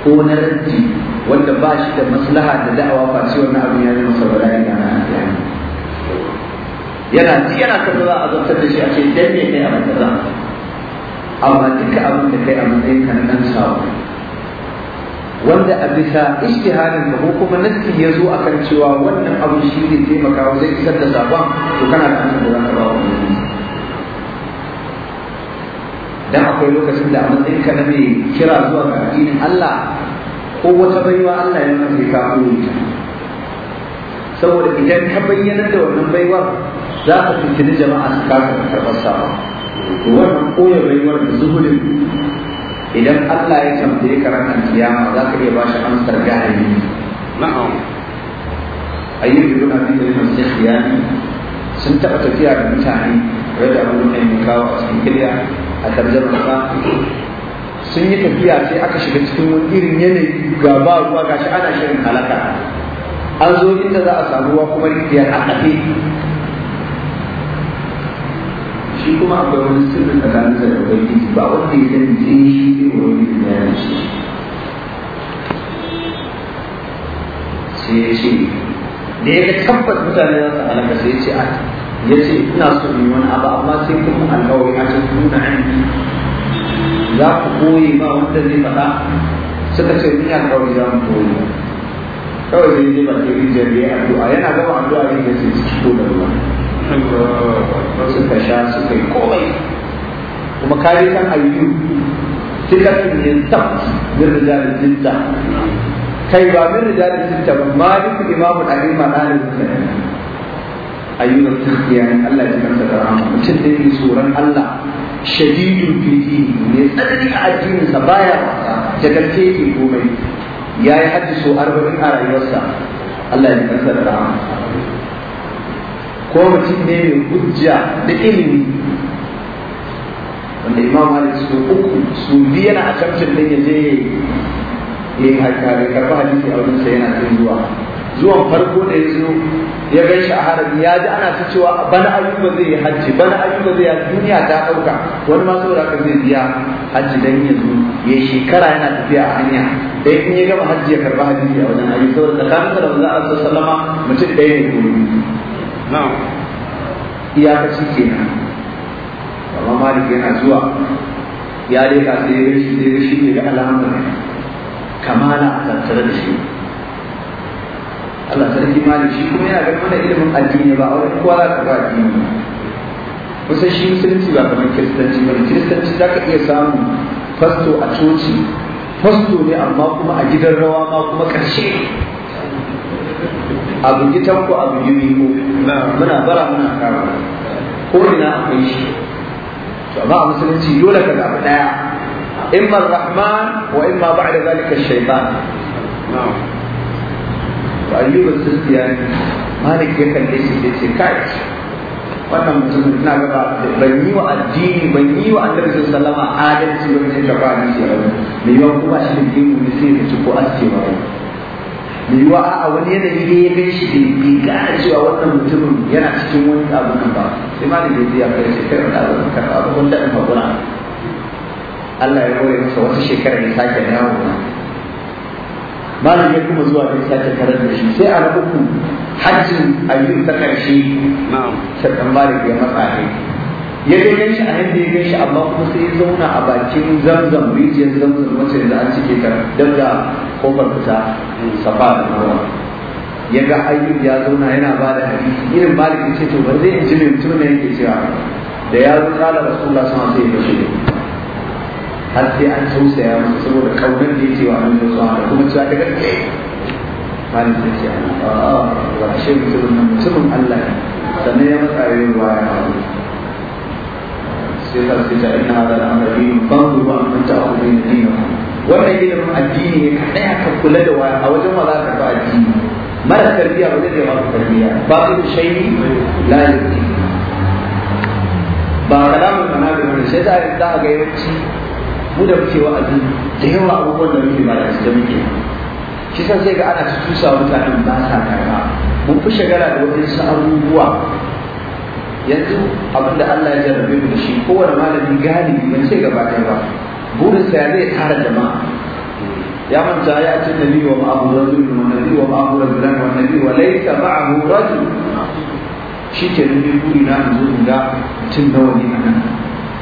ko na raddi wanda ba shi da maslaha da da'awa ba ce wannan abin ya zama saboda ya gana a yana ji yana za a zartar da shi a ce dan ne kai a kaza amma duka abin da kai a matsayin ka na ɗan sawa wanda a bisa ishtihadin ko kuma nassi ya zo akan cewa wannan abu shi ne taimakawa zai isar da sabon to kana da hannun da zaka ba wa dan akwai lokacin da a matsayin ka na mai kira zuwa ga addinin Allah ko wata baiwa Allah ya mace ka ko saboda idan ka bayyana da wannan baiwar za ka fitini jama'a su ka karɓar sabon to wannan koya baiwar da zuhurin idan Allah ya tambaye ka ranar kiyama za ka iya bashi amsar galibi na'am ayyuka ibn da yake al kiyami sun taɓa tafiya da mutane da abu da ya kawo a cikin kiriya a tarjamar sa sun yi tafiya sai aka shiga cikin wani irin yanayi ga ba ruwa gashi ana shirin halaka an zo inda za a samu ruwa kuma rikiyar a ƙafe shi kuma akwai wani sirri tsakanin sa da ubangiji ba wanda ya sani sai shi sai da ya yi shi sai ya ce da ya ga tabbas mutane za su alaka sai ya ce a ah, ya ce ina so in wani abu amma sai kuma alkawari a cikin nuna hannu za ku koyi ba wanda zai faɗa suka ce ni alkawari za mu koyi kawai zai je ba ke rijiyar ya addu'a yana gama addu'a ne ya ce ciki ko da ruwa suka sha suka yi komai kuma kare kan ayyu sikatun ne tabt min rijalin jinta kai ba min rijalin jinta ba ma duk imamu da ima dalibin sa ayyukan tafiya ne Allah ya kanta da rahama mutum da yake tsoron Allah shadidul fiti ne tsanani a addinin sa baya da gaske yake komai yi hajji so 40 a rayuwarsa Allah ya kanta da rahama ko mutum ne mai hujja da ilimi wanda imam malik su uku su biyu yana a kamcin yaje ya je ya karfa hadisi a wurin sai yana cin zuwa zuwan farko da ya zo ya gan shi a harami ya ji ana ta cewa bana ayyuka zai yi hajji bana ayyuka zai yi duniya ta ɗauka wani ma saboda ka zai biya hajji dan ya zo ya shekara yana tafiya a hanya dai in ya gama hajji ya karba hadisi a wajen ayyuka saboda tsakanin da manzon Allah sallama mutum ɗaya ne iyakaci kenan amma malik yana zuwa ya leka sai ya shi sai ya shi ga alhamdulillah kamala a tattare da shi Allah sarki malik shi kuma yana ganin mana ilimin addini ba a wani kowa za ka ba addini kusa shi musulunci ba kamar kiristanci ba kiristanci za ka iya samu fasto a coci fasto ne amma kuma a gidan rawa ma kuma ƙarshe abu gitan ko abu yuri ko muna bara muna kama. ko ina akwai shi to amma a musulunci dole ka zaɓi ɗaya imma rahman wa imma ba'da zalika shaytan to ayyuba sistiya malik ya kalle shi sai ce kai wannan mutumin ina gaba ban yi wa addini ban yi wa annabi sallallahu alaihi wasallam adalci ba ne ka ba ni shi me yawan kuma shi ne mu ne sai ko ce ba da yiwa a wani yanayi ne ya kai shi yi gane cewa wannan mutumin yana cikin wani abu nan ba sai ma da bai ya kai shi da abu kan abu wanda in Allah ya kore masa wata shekara ya sake dawo na malam ya kuma zuwa da sake karar da shi sai a uku hajjin ayyukan ta karshe na sai ya matsa ne ya ga gan a yadda ya gan amma kuma sai ya zauna a bakin zamzam rijiyar zamzam wacce da an cike ta dab da kofar fita safa da marwa ya ga ayyub ya zauna yana ba da hadisi irin malik ya ce to ba zai ji mai mutum ne yake cewa da ya zo kala rasulullah sama sai ya kashe har sai an tausaya masa saboda kaunar da ya ce wa annabi sallallahu alaihi kuma cewa daga gaske malik ya ce a ah, a wa shi mutumin nan mutumin Allah ne sannan ya matsa yayin baya sai ka sai ta inna hada al-amr dinin fanzu wa man ta'awu bi dinikum wannan ilimin addini ne kadai kula da a wajen wa za ka ba addini mara tarbiya ba zai maka tarbiya ba su shayi la yuti ba kalamun manabir ne sai za a ga yawanci mu da muke wa'azi da yawa abubuwan da ba da su da muke shi sai ga ana tusa mutanen ba sa karba mun fi da waɗansu abubuwa yanzu abin da Allah ya jarrabe mu da shi kowane malami galibi mun ce gaba ɗaya ba burin sa zai tara jama'a ya manta ya ce nabi wa ma'ahu biyu, wa nabi wa ma'ahu rajulan wa nabi wa laysa ma'ahu rajul shi ke nan ne buri na mu in ga mutum nawa ne anan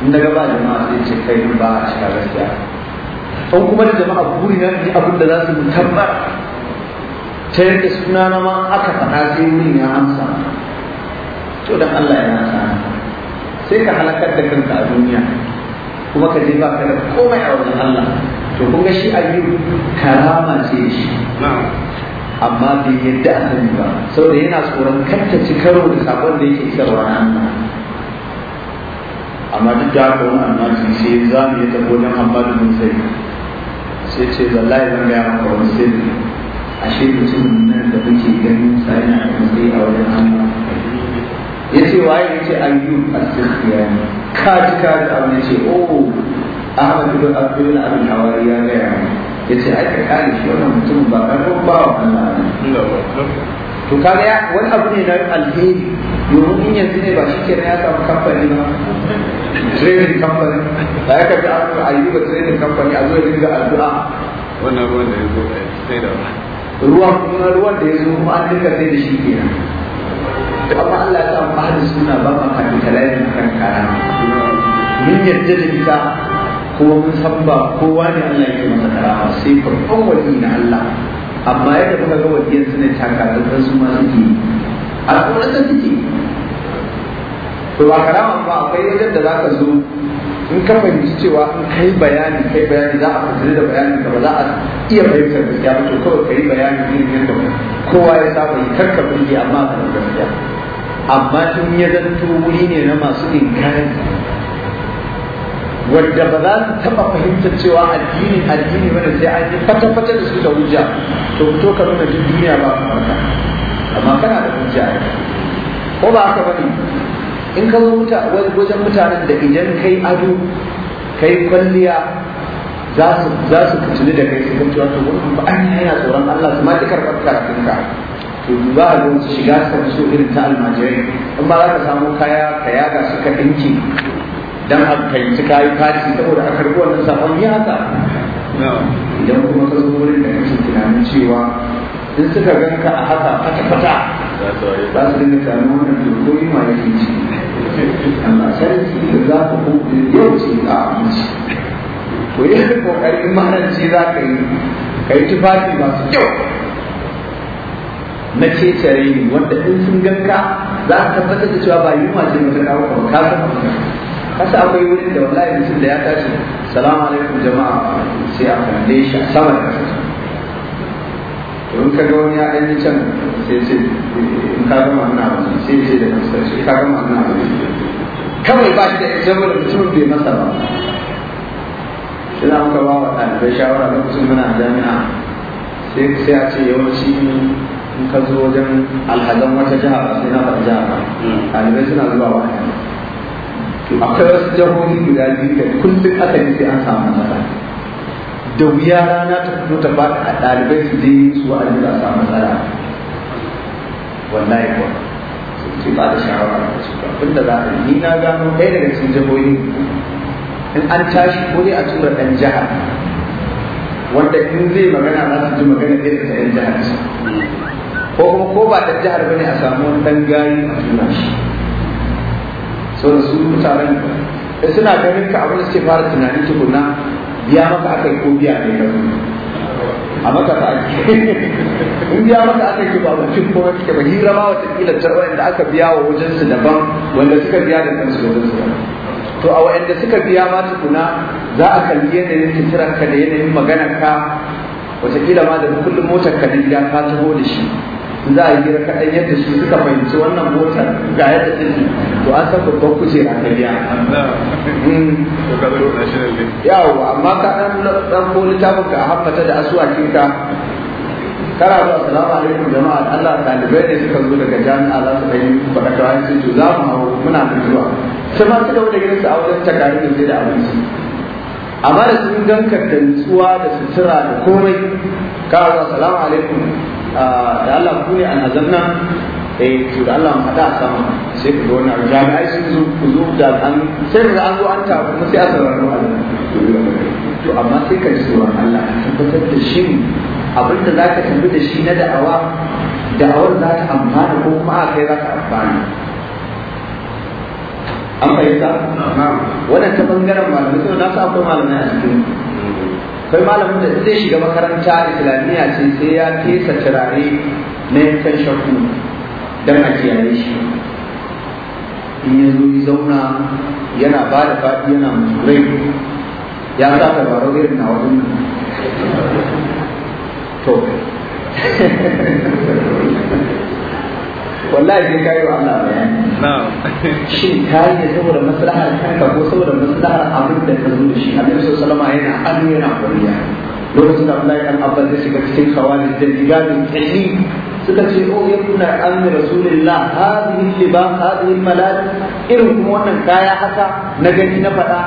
in daga ba jama'a sai ce kai ba a cika gaskiya an kuma da jama'a buri na ne abin da za su mutabbar ta yadda suna ma aka faɗa sai wurin ya amsa to dan Allah yana nasa. sai ka halakar da kanka a duniya kuma ka je baka ka da komai a wajen Allah to kun ga shi ayyu karama ce shi amma bai yadda a sani ba saboda yana tsoron kanta ci karo da sabon da yake isar na Allah amma duk da haka wani annabi sai za mu yi tabo amma da mun sai sai ce wallahi zan gaya maka wani sirri ashe mutumin nan da kuke ganin sa yana da matsayi a wajen Allah ya ce waye ya ce ayyub as ne ka ji ka ji abu ya ce oh ahmad ibn abdul abin hawari ya gaya ya ce ai ka kare shi wannan mutum ba ko ba wa Allah to ka ga wani abu ne na alheri yau in yanzu ne ba shi kenan ya samu kamfani ba trading company da ya kafi an ayyuka trading company a zuwa dinga addu'a wannan ruwan da ya zo eh, sai da ruwan kuma ruwan da ya zo kuma an duka sai da shi kenan to amma Allah ya samu ahli suna ba ma kan kalamin kan kara mun yarda da ita kuma mun san ba kowa ne Allah yake masa karama sai farkon wali na Allah amma yadda muka ga wajen suna taka da su ma suke a kuma da suke to ba karama ba akwai wajen da zaka zo in ka fahimci cewa in kai bayani kai bayani za a fahimci da bayani ka ba za a iya fahimtar gaskiya ba to kawai kai bayani irin yadda kowa ya saba yi karka bilge amma ka gaskiya amma in ya zanto wuri ne na masu inkari wadda ba za su taɓa fahimtar cewa addini addini mana sai an yi fata-fata da su da hujja to fito ka nuna duk duniya ba ka maka amma kana da hujja ko ba haka bane in ka zo wajen mutanen da idan kai ado kai kwalliya za su za da kai su cewa, to ba an yana tsoron Allah su ma ta karɓar karatunka to a ga shiga suka fi so irin ta almajirai in ba za ka samu kaya ka yaga suka ɗinki dan a fahimci kayi fati saboda a karɓi wannan sakon yi haka idan kuma ka zo wurin da kake tunanin cewa in suka ganka a haka fata-fata za su dinga tunanin wannan dokoki ma yake ci amma sarki da za ka kuma yau ce ka aminci to yi kokarin mahalarci za ka yi ka yi tufafi masu kyau na cecere ne wanda in sun ganka za a tabbatar da cewa ba ma ce mutum kawo kawo kawo kasa akwai wurin da wallahi mutum da ya tashi salamu alaikum jama'a sai a kalle shi a sama da kasa in ka ga wani ya ɗan can sai ce in ka gama ina wani sai ce da kasa sai ka gama ina wani kawai ba shi da ya zama da mutum bai masa ba shi za mu ba wa ɗalibai shawara kusur muna jami'a sai a ce yawanci in ka zo wajen alhazan wata jiha ba sai na ba jiha ba hmm. ɗalibai suna zuwa wa akwai wasu jihohi guda biyu da kullum aka yi sai an samu matsala da wuya rana ta fito ta ba a ɗalibai su je su wa za a samu matsala wallahi kuwa sai ba da shawara da su abin da za a yi na gano ɗaya daga cikin jihohi in an tashi ko ne a tura ɗan jihar wanda in zai magana za su ji magana irin ta 'yan jihar ko kuma ko ba da jihar bane a samu dan gari a suna shi so da su mutanen da suna ganin ka abin da suke fara tunani tukuna biya maka akai ko biya ne a maka ta ake in biya maka aka yi ba mutum ko wata ba hira ma wata kila tarwa inda aka biya wa wajen su daban wanda suka biya da kansu wajen su to a wa'anda suka biya ma tukuna za a kalli yanayin titiranka da yanayin maganarka Wata kila ma da kullum motar ka na gida ka taho da shi za a yi kaɗan yadda su suka fahimci wannan motar ga yadda take to an san babban a ta biya mm. yawo amma ka ɗan ɗan ko littafin ka a haffata da asuwa ka kara zuwa salamu alaikum jama'a Allah talibai ne suka zo daga jami'a za su kai baka ya ce to za mu hau muna zuwa sai ma suka wuce gidansu a wajen takari da zai da abinci amma da sun ganka da da sutura da komai kana zuwa salamu alaikum Ah, da Allah ku ne an azabna eh to da Allah mu faɗa sama sai ku wani abu jami'ai sun zo ku zo da an sai da an zo an ta kuma sai a sauraro Allah to amma sai ka ji Allah ka tabbatar da shi abin da zaka tafi da shi na da'awa da'awar za ta amfana ko kuma a kai za ta amfana an fahimta wannan ta bangaren malamai sai na sa akwai malamai a cikin kai malamin da zai shiga makaranta islamiyya ce sai ya fesa turare na yankan shakku don a kiyaye shi in ya zo ya zauna yana ba da faɗi yana musulai ya za ba baro irin na wajen to wallahi sai kai wa Allah bayani na'am shin kai ne saboda maslahar kanka ko saboda maslahar abin da ka zo shi Annabi sallallahu alaihi wasallam yana annu yana kuriya lokacin da Allah ya abba da shiga cikin khawarij da digadin kalli suka ce o ya kuna an rasulullah hadhihi liba hadhihi malad irin kuma wannan kaya haka na gani na fada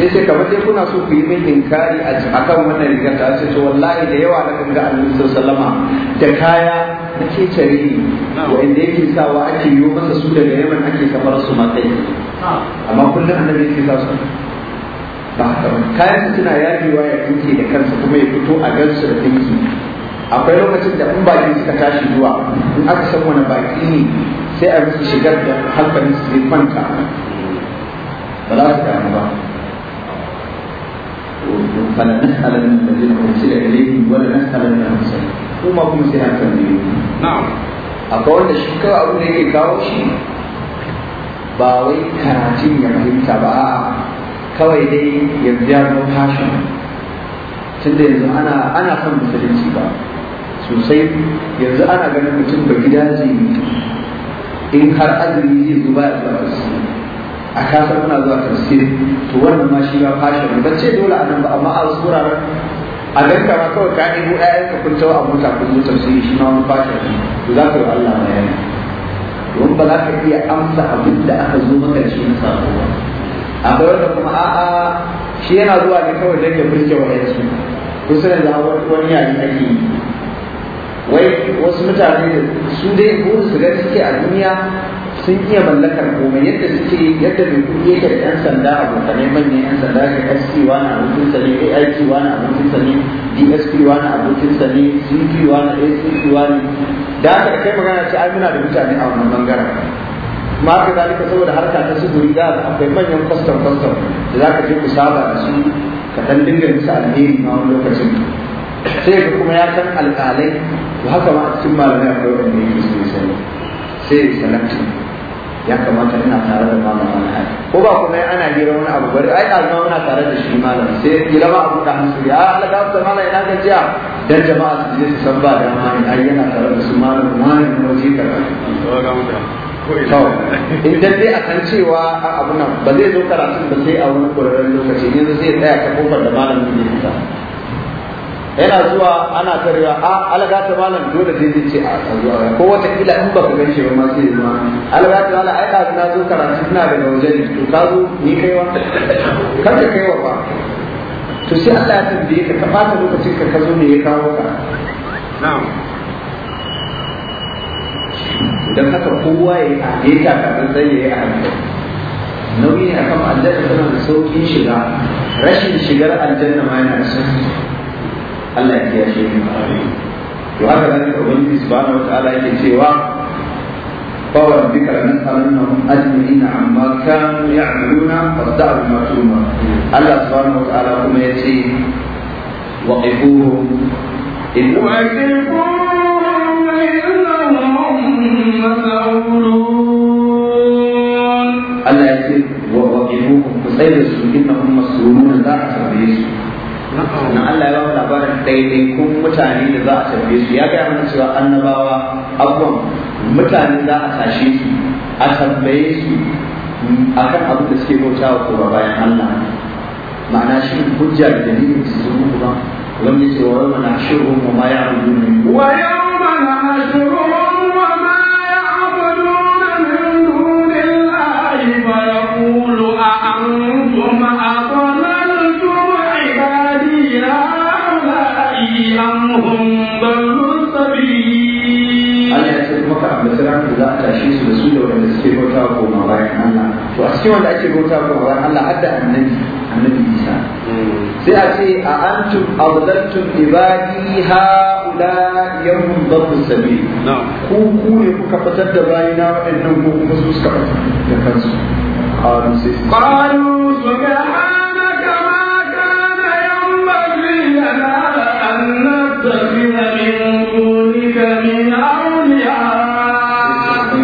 sai sai kamar dai kuna so ku yi min inkari a kan wannan rigar ta ce to wallahi da yawa na ganga annabi sallama da kaya na ke ne wanda yake sawa ake yi masa su daga yaman ake kamar su matsayi amma kullum annabi yake sa su ba haka kayan suna yajewa ya dinke da kansa kuma ya fito a gansu da dinki akwai lokacin da in baki suka tashi zuwa in aka san wani baki ne sai a musu shigar da hankalin su zai kwanta ba za su damu ba فلا نسأل من الذين أرسل إليهم ولا نسأل من المرسلين وما كنا سيئا تنبيه نعم أقول أو كاوشي باوي كراتين تبعا kawai dai ya biya no fashion tun da yanzu ana son musulunci ba sosai yanzu ana ganin mutum ba gida in har azumi zai zuba ya su. a kasar kuna zuwa tafsir to wannan ma shi ba fashe ne bace ce dole a nan ba amma a tsura a dan kawai ka ɗigo ayyan ka kun tawa abota kun zo tafsiri shi ma mun fashe ne to za ka yi Allah ma yana don ba za ka iya amsa abin da aka zo maka shi na sako ba akwai wanda kuma a'a shi yana zuwa ne kawai dan ya burge wa yansu kusa da wani yayi ake yi wai wasu mutane da su dai burin su gani suke a duniya sun iya mallakar komai yadda suke yadda mai kuɗi yake da yan sanda abokanai manyan yan sanda ke sc wani abokin sa ne aik wani abokin sa ne dsp wani abokin sa ne cp wani acp wani da aka kai magana ce ai muna da mutane a wannan bangaren ma haka zalika saboda harka ta su za da akwai manyan kwastam kwastam da za ka je ku saba da su ka dan dinga musu alheri na wani lokacin sai ka kuma ya san alƙalai to haka ma a cikin malamai akwai wanda yake su sani sai ya sanatu ya kamata ina tare da malama wani haka ko ba kuma ana gira wani abu bari ai ɗazuma muna tare da shi malam sai gira ba abu buɗa hansu ya Allah su da malam ina gajiya dan jama'a su je su san ba da mani ai yana tare da su malam mani na waje karatu in dan dai akan cewa abu nan ba zai zo karatun ba sai a wani ƙwararren lokaci yanzu zai tsaya ta kofar da malamin ne yana zuwa ana karewa a ah, alaga ta malam dole sai zai ce a zuwa ko wata kila in ku gan shi ba ma sai ma alaga ta malam ai da na zo karatu ina daga waje to ka zo ni kai wa? kar ka wa ba to sai Allah ya tambaye ka ka fata lokacin ka ka zo ne ya kawo ka na'am idan haka kowa ya yi ta kamar zai ya yi a nauyi ne akan aljanna tana da saukin shiga rashin shigar aljanna ma yana da sauki Allah ya kiyashe mu to haka nan ubangiji subhanahu wataala yake cewa فور بك لنسألنهم أجمعين عما كانوا يعملون فاصدعوا بما تؤمرون الله سبحانه وتعالى كما يأتي وقفوهم إنهم مسؤولون الله يأتي وقفوهم فسيرسوا إنهم مسؤولون لا حسب na Allah ya ba labarin daidai kun mutane da za a tambaye su ya gaya mana cewa annabawa abubuwan mutane za a tashe su a tambaye su akan abin da suke bauta wa kuma bayan Allah ma'ana shi hujja da dalilin su sun kuma wanda ce wa yawma nahshuruhum wa ma ne wa na shirin cikin wanda ake bauta ko ba Allah hadda annabi annabi Isa sai a ce a antum adlaltum ibadi haula yawm dhabu sabil ku ku ne kuka fitar da bayina waɗannan ko kuma su suka da kansu قالوا سبحانك ما كان ينبغي لنا أن نتخذ من دونك من أولياء.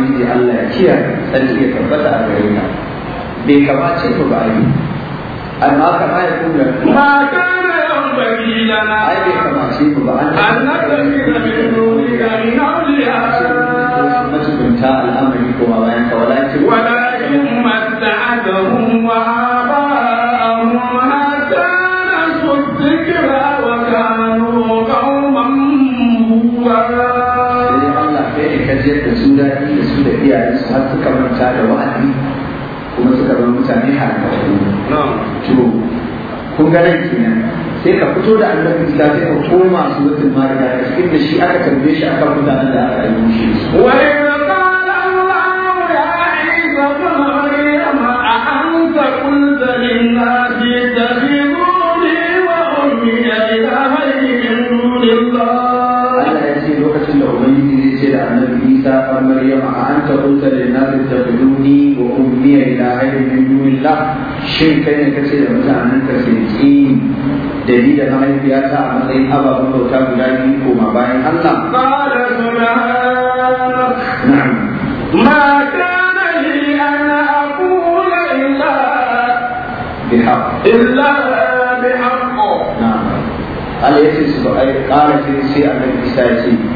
الله a الله يكفيك، bai kamace mu ba yi amma kama ya kuma ma kana yanbaghi lana ai bai kamace mu ba an nabi min dunika min awliya majibinta al'amari kuma bayan ka walakin walakin matta'adahum wa aba'ahum ta nasu wa kanu Allah sai ka da su da su da iyayensu har suka manta da wa'azi kuma suka zama mutane halittu to kun ga nan kenan sai ka fito da annabi Isa sai ka koma da Maryam inda shi aka tambaye shi akan mutanen da aka yi shi wa لله مريم أأنت قلت للناس اتخذوني وأمي إلهي من دون الله شرك كان كثير مثلا أنت سيدين دليل غير في فيها أن أبا بكر كان لا ما بين الله قال سبحانك نعم ما كان لي أن أقول إلا بحق إلا بحق نعم قال يسوع قال في سيدنا النبي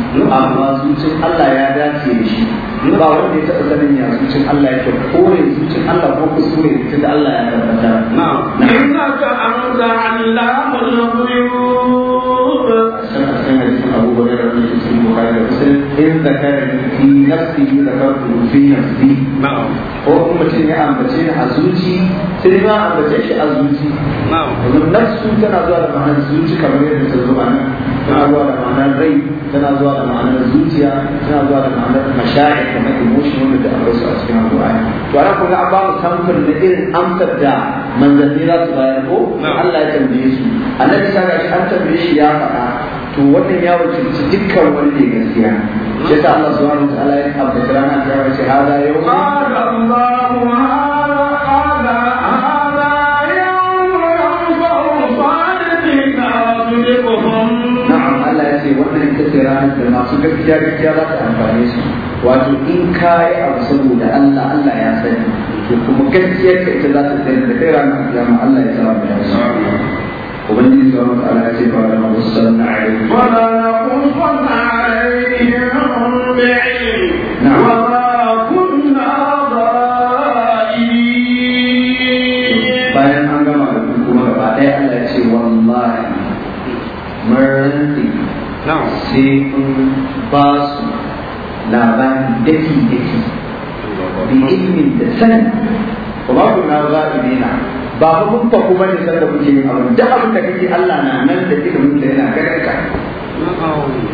amma zuciyar Allah ya dace da shi ba wanda ya taɓa sanin ya zuciyar Allah yake kore zuciyar Allah ko kuskure da Allah ya tabbata na'am innaka anta allamul ghuyub sanan hadisin Abu Hurairah البخاري ومسلم إن ذكر في نفسه ذكرته في نفسه نعم هو كما تشيني أم بتشيني أزوجي سيما أم بتشيني أزوجي نعم نفسه تنازوى لمعنى الزوجي كما يرد تزوبانا تنازوى لمعنى الري تنازوى لمعنى الزوجيا تنازوى لمعنى المشاعر كما يموشن ولد أبرس أسكنا القرآن وأنا كنت أعبار سمكر لإن أمتر دع من ذنبي لا تبايعه الله يتنبيه النبي صلى الله عليه وسلم ya faɗa to wannan ya wakilci dukkan wani ne gaskiya shi ta Allah subhanahu wa ta'ala ya tabbata rana ta yawa ce hada yau hada hada na'am Allah ya ce wannan ita ce ranar da masu gaskiya gaskiya za ta amfane su wato in ka yi abu saboda Allah Allah ya sani to kuma gaskiyar ka ita za ta tsaya da kai ranar kiyama Allah ya sa mu dace وبني سبحانه وتعالى na نقصن na ولا نقصن عليهم بعلم نعم وما كنا ضائعين bayan an gama da kuma gaba ɗaya Allah ya ce wallahi maranti sai kun ba su labarin daki daki bi da sanin ba ku na za'ibina ba fa kun ba kuma ne sanda kuke yin abin da abin da kake Allah na nan da mun da yana ganin ka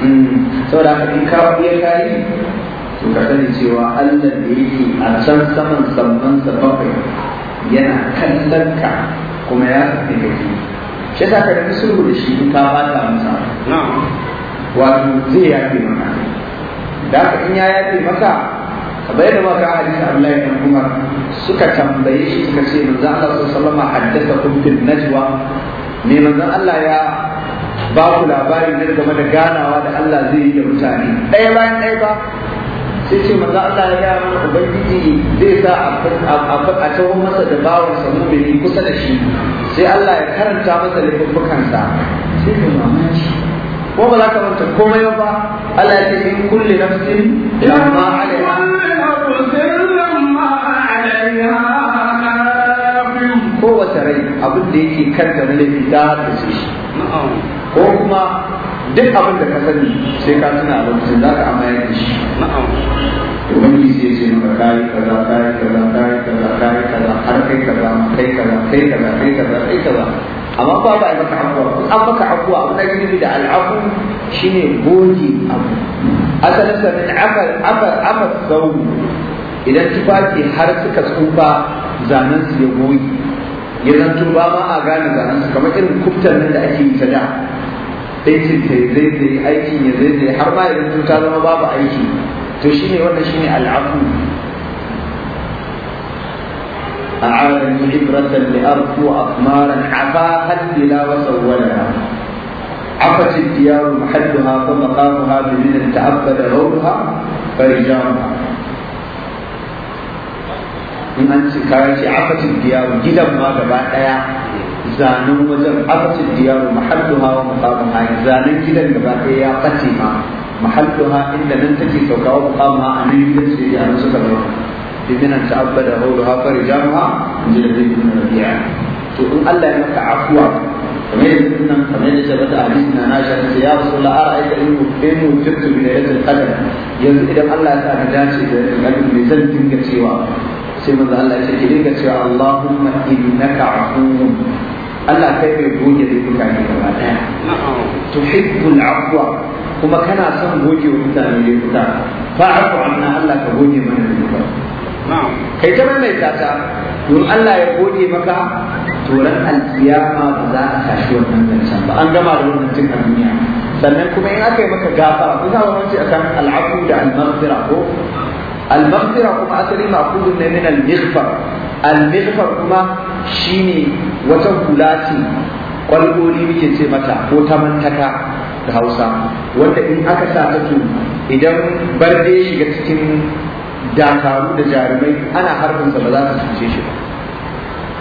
hmm. saboda haka in ka ya kai to ka sani cewa Allah da yake a can saman saman sa bakwai yana kallon ka kuma ya sani kake shi yasa ka yi sulhu da shi in ka bata masa wato zai yafe maka da ka in ya yafe maka kamar yadda maka hadisi Abdullahi bin Umar suka tambaye shi suka ce manzon Allah sallallahu alaihi haddasa kun fil najwa me manzon Allah ya ba ku labari ne game da ganawa da Allah zai yi da mutane ɗaya bayan ɗaya ba sai ce manzo Allah ya gaya mana ubangiji zai sa a taho masa da bawon sa mumini kusa da shi sai Allah ya karanta masa laifuffukansa sai ka mamaci ko ba za ka manta komai ba Allah ya ce in kulli nafsin lamma alaiha kowace rai abin da yake kan da laifi ta tsaye shi ko kuma duk abin da ka sani sai ka tuna a lokacin za ka amma da shi To ubangiji ya ce maka kayi kaza kayi kaza kayi kaza kayi kaza har kai kaza kai kaza kai kaza kai kaza kai kaza amma ba ba maka afuwa in an maka afuwa abu na girbi da al'afu shine goge abu asalin sa min afar afar idan tufafi har suka tsufa zanen su ya goge ya zanto ba ma a gane zanen su kamar irin kuftar nan da ake yi ta da aikin ta zai zai aikin ya zai har ma yanzu ta zama babu aiki to shine wannan shine al'afu أعادني عبرة لأرض وأقمارا عفاها التلاوة وسولها عفت الديار محلها فمقامها بمن تعبد غورها فرجامها in an ci kayan ce afatin diyaru gidan ma gaba daya zanen wajen afatin diyaru mahalluha wa muqamuha zanen gidan gaba daya ya fati ma mahalluha inda nan take saukawa wa muqamuha a nan gidan ce ya idan ta abada hauru hafar jama'a inji kuma rabiya to in Allah ya maka afuwa kamar yadda sunan kamar yadda shabata a jikin na nasha ta ce ya wasu la'ara aika in mutum da ya zai kada yanzu idan Allah ya sa ka dace da ganin mai zan dinga cewa sai manzo Allah ya ce ki dinga cewa Allahumma innaka afuwun Allah kai mai goge zai fi kafin gaba ɗaya. Tuhibbul kuma kana son goge wa mutane ne kuta fa'afu anna Allah ka goge mana da mutane. kai ta mai ta don Allah ya gode maka turan alkiyama ba za a tashi wannan zancen ba an gama da wannan cin a duniya sannan kuma in aka yi maka gafa ko za a a akan al'abu da al-maghfira ko al-maghfira kuma asali ma'qudun ne min al-maghfar al-maghfar kuma shine wata hula ce kwalgoli muke ce mata ko ta mantaka da Hausa wanda in aka sa ta to idan barde shiga cikin dakaru da jarumai ana sa ba za su cuce shi ba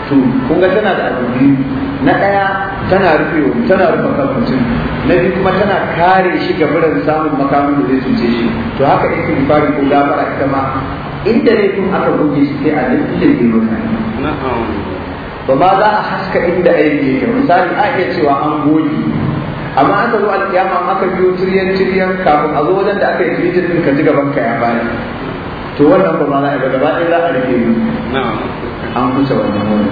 to kun ga tana da abu na ɗaya tana rufe tana rufe kafin na biyu kuma tana kare shi ga biran samun makamin da zai cuce shi to haka ita bukari ko gafara ita ma inda ne tun aka goge shi sai a lantile ne mutane ba ma za a haska inda aiki yake misali a iya cewa an goge amma aka zo alkiyama aka biyo tiriyan tiriyan kafin a zo wajen da aka yi tiriyan ka ji gaban ka ya bani. to wannan ba ma ga gaba ɗaya za a rike yi an kusa wannan wani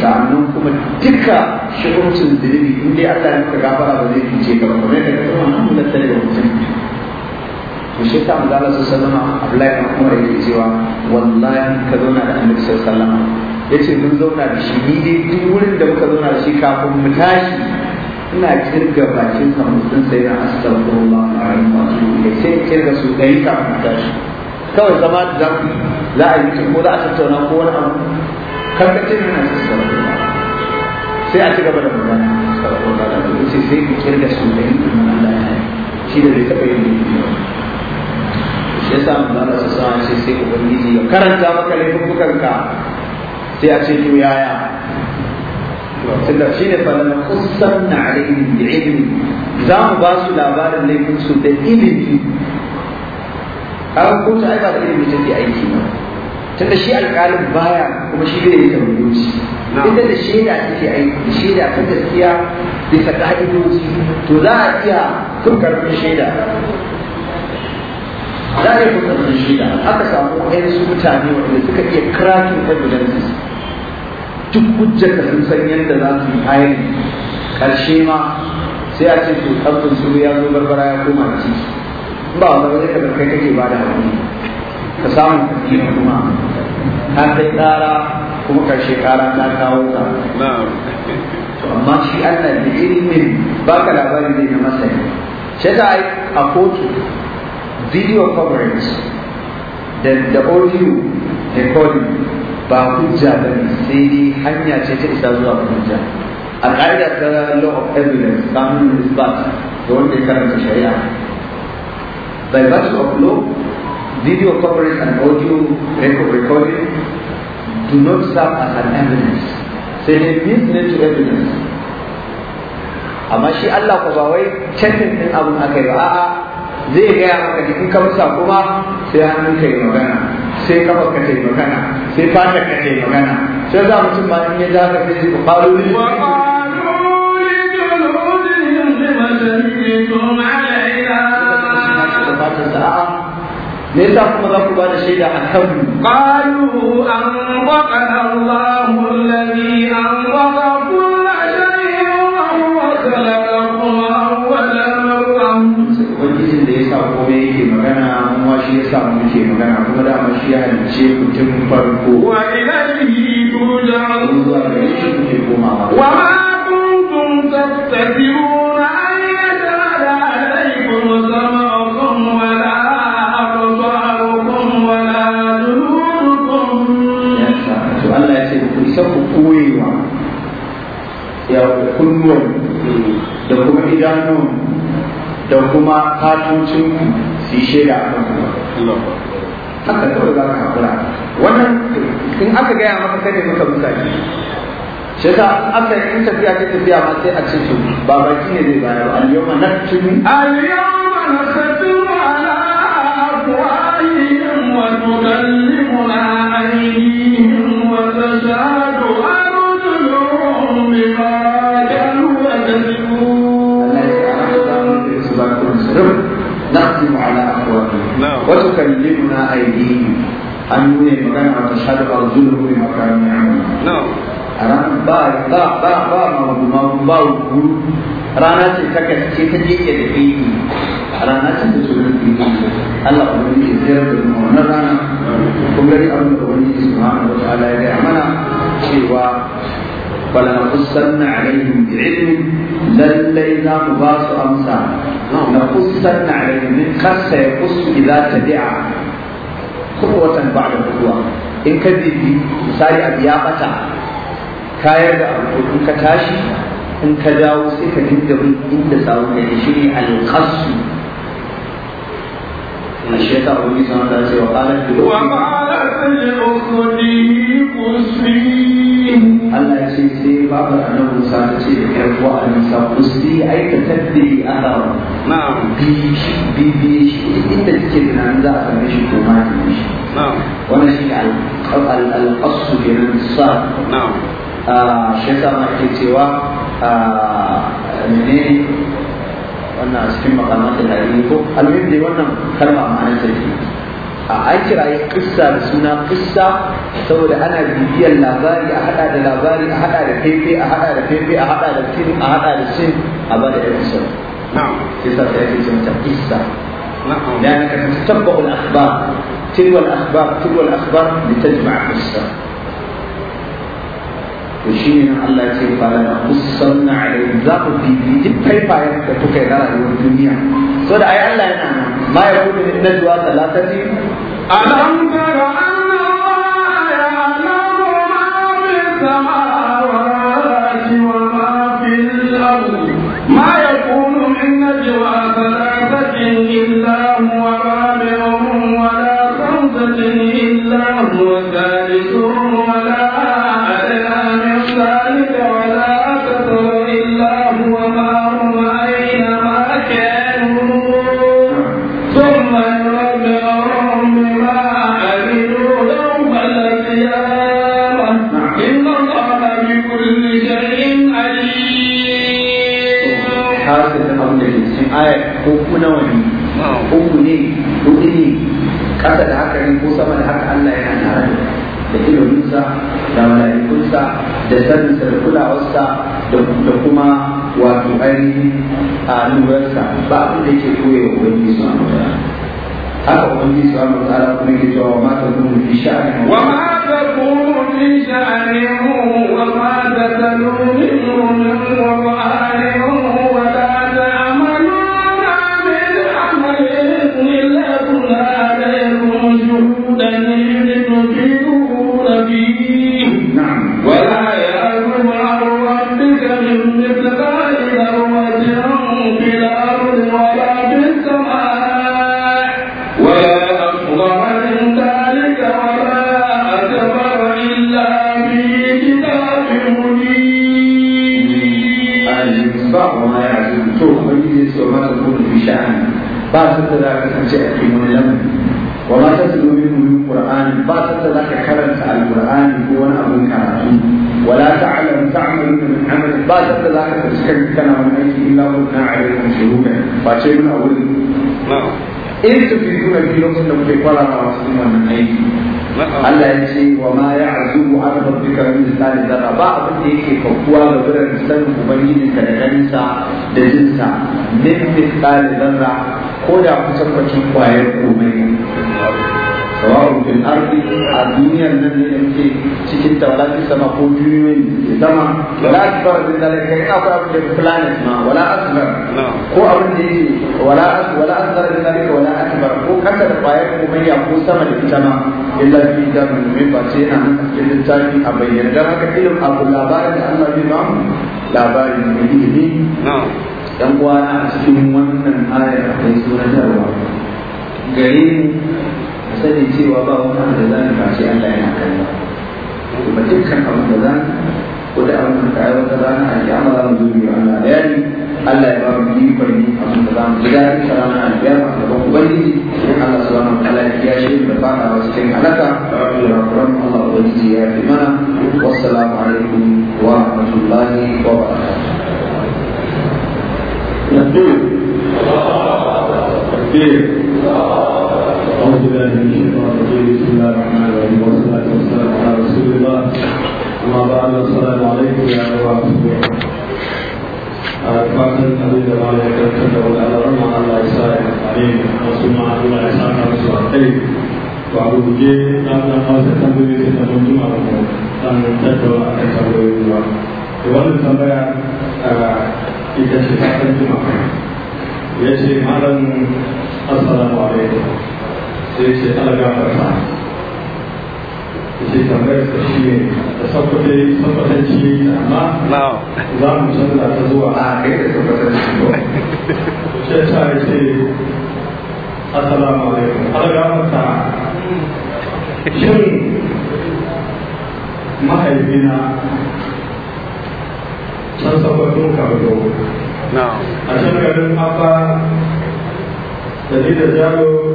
sa'annan kuma duka shukurcin zunubi in dai Allah ya maka gafara ba zai ce ka ba ne yadda kuma an kula tare da mutum to shi ta mu zala su sallama Abdullahi ibn kuma yake cewa wallahi ka zauna da Annabi sallama Ya ce yace mun zauna da shi ni dai duk wurin da muka zauna da shi kafin mu tashi ina kirga bakin sa mutum sai na astaghfirullah wa atubu ilayhi sai kirga su ɗari kafin mu tashi kawai zama da za za a yi ko za a tattauna ko wani abu karkacin yana sassan sai a ci gaba da da sai sai ka kirga su da yin Allah ya shi da zai taɓa yin shi yasa magana su sa sai sai ubangiji ya karanta maka bukanka sai a ce to yaya tunda shi ne na kusan na alayhim bi ilmi za mu ba su labarin laifin su da ilimi kawai kotu ai ba da ilimi take aiki ba da shi alƙalin baya kuma shi bai yi tambayoci inda da shaida take aiki da shaida ta gaskiya bisa ka'idoji to za a iya kun karɓi shaida za a iya kun karɓi shaida aka samu su mutane wanda suka iya kratin evidences duk hujjar da sun san yadda za su yi ayin ƙarshe ma sai a ce to ɗan ya zo barbara ya koma ciki ba wanda zai ka kai kake ba da hannu ka samu kuɗi kuma ta kai ƙara kuma karshe ƙara ta kawo ta to amma shi Allah da ilimin baka labari ne na masani sai ta a kotu video coverage da da audio recording ba hujja ba ne sai dai hanya ce ta isa zuwa hujja a ƙa'ida ta law of evidence hannun isbat da wanda ya karanta shari'a by virtue of law, video coverage and audio record recording do not serve as an evidence. Sai dai means evidence. Amma shi Allah ko ba wai cancin ɗin abin aka yi ba, a'a zai gaya maka ne in ka musa kuma sai hannun ka yi magana, sai kafa ka yi magana, sai fata ka yi magana. Sai za mutum ma in ya ja ka sai ku faru ne. na'am me yasa kuma za ku ba da shaida a kan mu qalu an waqana Allahu alladhi an waqa kull shay'in wa huwa khalaqakum awwal marram ubangijin da yasa komai yake magana kuma shi yasa muke magana kuma da ma shi ya halice ku tun farko wa ilayhi turja'un wa ma kuma idanu da kuma katocin su yi shaida a kan haka da za ka haƙura wannan in aka gaya maka kare maka mutane shi yasa aka yi tafiya ta tafiya ma sai a ce su ba baki ne zai bayar ba al-yawma naktumu al-yawma naktumu ala afwahihim wa nukallimuna aydihim تكلمنا أيديهم an nuna magana ta shaɗa a zuwa ne makarin yamma a ran ba ba ba ba ma ba guru rana ce ta kasance ta jike da fili a rana ce ta tsoron fili Allah ku wani ke ziyar da nuna wannan rana kun wani ya mana cewa فلنقصن عليهم بعلم للينا مباس أمسا لنقصن عليهم من خس سيقص إذا تبع قوة بعد قوة إن كذبي ساري قتا كاير أبو إن كتاشي إن كداو سيكا جدا من إن تساوي شيء القصر shi kusi Allah ya ce sai babu annabi Musa ta ce da ƴan ko a Musa kusi aikata da arawa na'am bi shi bi bi shi inda kike tunanin za a same shi ko ma ne shi wannan shi al al-qasu kenan sa na'am ah, shi yasa ma ke cewa ah, ne. wannan a cikin makamatin hadisi ko almuhim dai wannan kalma ma'anar ta a an kira yi kissa da suna kissa saboda ana bibiyar labari a hada da labari a hada da fefe a hada da fefe a hada da film a hada da sin a bada da kissa na'am sai sa sai ake cewa kissa na'am da ka tabbata al-akhbar tilwa al-akhbar tilwa al-akhbar litajma'a qissa to shi ne nan Allah ce fara na kusan na alayhi za ku bibi duk faifayen da kuka yi na rayuwar duniya so da ai Allah yana ma ya kudu na duwa talatati alam tara kasa da haka ne ko sama da haka Allah yana tare da iliminsa da mala'ikunsa da saninsa da kulawarsa da kuma wato ainihin a lurarsa ba abin da yake koya wa wani su haka wani su amma tsara kuma yake cewa wa mata kuma fi sha'ani wa mata kuma fi sha'ani wa mata kuma fi sha'ani wa mata تعملون من عمل با شك ذاك تسكن كان من أيك إلا وكنا عليكم شهودا فأشيء من أول نعم إن تفيدون في نفس النبي ولا رسول من أيك Allah ya ce wa ma ya azu an rabbika min misali zarra ba abin da yake fakuwa da wurin sanin ubangijinka da ganinsa da jinsa min misali ko da kusan kwacin kwayar komai sawa'un fil ardi a duniyar nan ne yake cikin tawala fi sama ko duniyoyi sama wala akbar min zalika kai akwai abin da planet ma wala asbar ko abin da yake wala wala asbar min zalika wala akbar ko kanta da bayan kwayar kumayya ko sama da ita ma illa fi damin min ba ce na cikin littafi a bayyana dan haka ilim abu labarin da Allah bi ma mu labarin ne ne dan uwana a cikin wannan ayar akwai sunan darwa gare mu sani cewa ba wani abu da za mu face Allah yana kallon kuma dukkan abin da za mu ko da abin da kai wata rana a kiyama za mu zuwa Allah bayani Allah ya ba mu ikon ne abin da za mu ji daɗi ta rana a kiyama a gaban Ubangiji in Allah wa ta'ala ya kiyashe mu da fada wasu cikin halaka da kuran Allah Ubangiji ya fi mana wassalamu alaikum wa rahmatullahi wa barakatuh. Tafsir. بالله من الشيطان الرجيم yang dan yang cuma. Ya malam Assalamualaikum. sai ce ala tambayar ta shi ne amma za mu canza ta zuwa a kai da sabbatanci ba shi ta ce alaikum shin mahaifina can sabbatun a can garin abba da ni da jalo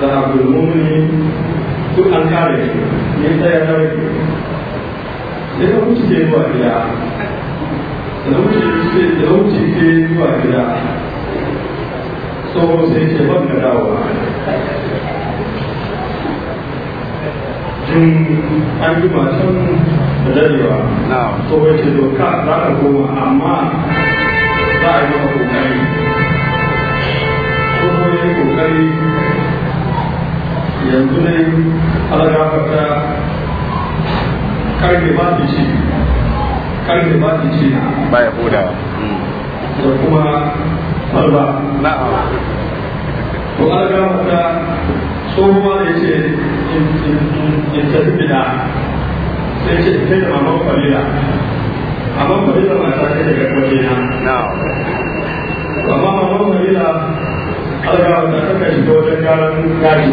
da abdulmumini duk an kare shi ya tsaya na rage ya ka wuce ke zuwa gida da wuce ke zuwa gida tsohon sai ke ban da dawowa jin an yi matan da dadewa tsohon ke doka amma za a yi maka yanzu ne Allah ya fata karfe ba ci karfe ba ci ba ya hudawa da kuma alba na'am to ya fata tsohuwa da ce in tafi bida sai ce ta da mamman kwalila amma kwalila ta ce daga kwalila na'am amma mamman kwalila Allah fata ta shiga wajen gyaran gashi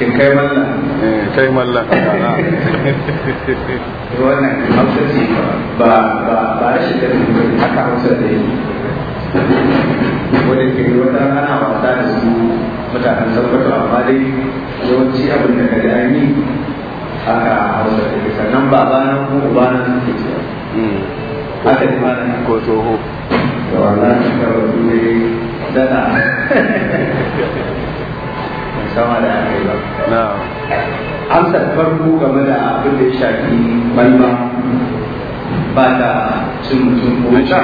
kin kai mallan eh, kai mallan wannan hausa ce ba ba ba rashin da haka hausa da yi wanda ke wata ana wasa da su mutanen sabbata amma dai yawanci abin da kaji an yi haka hausa da yi sannan ba ba hmm. nan ko ba nan suke ce haka ne ba nan ko toho da wannan shi karatu ne dana sama da aka amsar farko game da abin da ya shafi balma ba da cin mutum ko ta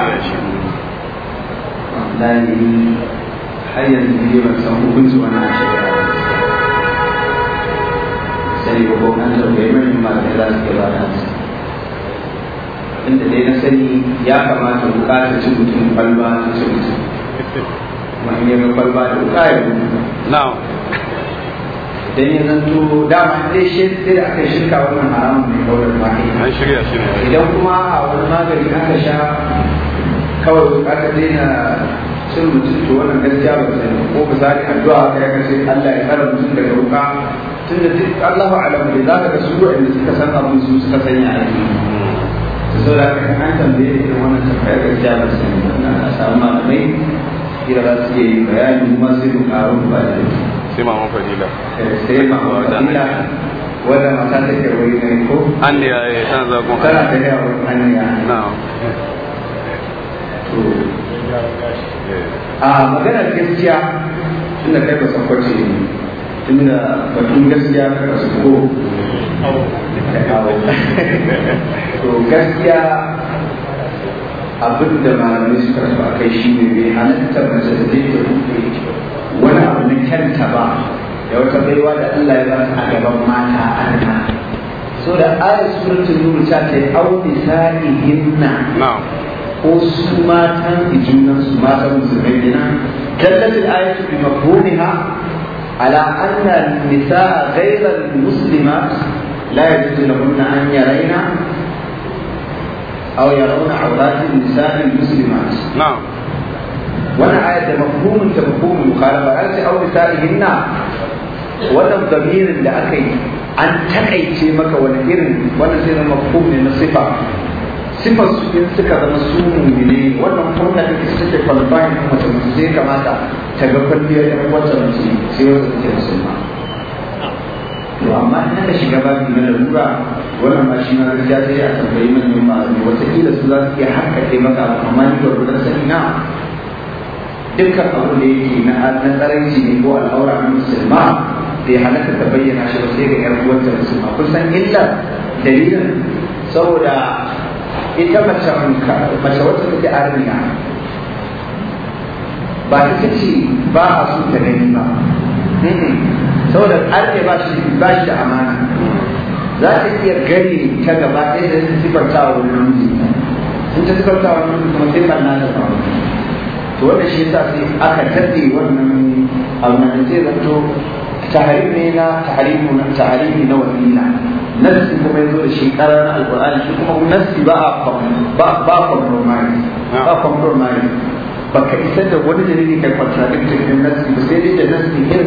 wallahi har yanzu ne ban san hukunci wani a sai ba ko an tambaye mai za su ke ba da su inda dai na sani ya kamata bukatar cin mutum balma cin mutum wani ya ga kwalba da wuka ya Na. dan ya zanto dama dai shi sai da aka shirka wannan haramun mai kawar mahi an shirya shi ne idan kuma a wani magani aka sha kawai ka daina cin mutum to wannan gaskiya ba ta yi ko misali addu'a ka ya kace Allah ya tsara mutum daga wuka tun da duk Allahu alam da za ka kasu wa'anda suka san abin su suka sanya a yi hmm. to saboda haka an tambaye irin wannan tambayar gaskiya ba samu malamai kira za su iya yi bayani kuma sai mu karo ba da sai ma mun fadila eh, sai ma mun fadila mata ta ke wuri ne ko an ne ya eh, yi san zagon kana ta yi an ne ya na'am to a magana gaskiya tunda kai ba san kwace ne tunda batun gaskiya ka kasu ko to gaskiya abin da malamai suka rasu a kai shi ne bai halatta mace da zai da rufe wani abu na kyanta ba da wata baiwa da Allah ya ba a gaban mata anna so da ayat surutu nuru ta ta au himna, ko su matan bijunan su matan musulmina dallatul su bi ha. ala anna nisaa a gairar muslimat la yajuz lahunna an raina. aw yarawna awratin nisa'il muslimat na'am wannan ayat da mafhumin ta mafhumin mukhalafa ya wannan damirin da aka yi an takaice maka wani irin wannan sai zama mafhum na sifa sifar su in suka zama su ne wannan kuma da kake take qualifying kuma ta mutu sai kamata ta ga kwalliyar yan wata mutum sai wata take musulma to amma ina aka shiga babi na lalura wannan ma shi ma gaskiya sai a tambayi manyan malamai wataƙila su za su iya haƙƙaƙe maka abu amma ni ga gudan sani na dukkan abu da yake na na tsaranci ne ko al'aura na musulma ya halatta ta bayyana shi ba sai ga 'yan uwanta musulma kusan illa dalilin saboda ita mace mace wacce take arniya ba ta ce ba a so ta gani ba saboda arne ba shi ba shi da amana za ta iya gani ta gaba ɗaya da sifarta wa wani namiji sun ta sifarta wa wani kuma sai ɓanna da ba to wanda shi yasa sai aka tafi wannan abu na zai zanto taharim ne na taharimu na taharimi na wasila nassi kuma yazo da shi karar na alqur'ani shi kuma nassi ba a ba a ba a compromise ba compromise baka isa da wani dalili kai contradicting din nassi ba sai dai da nassi irin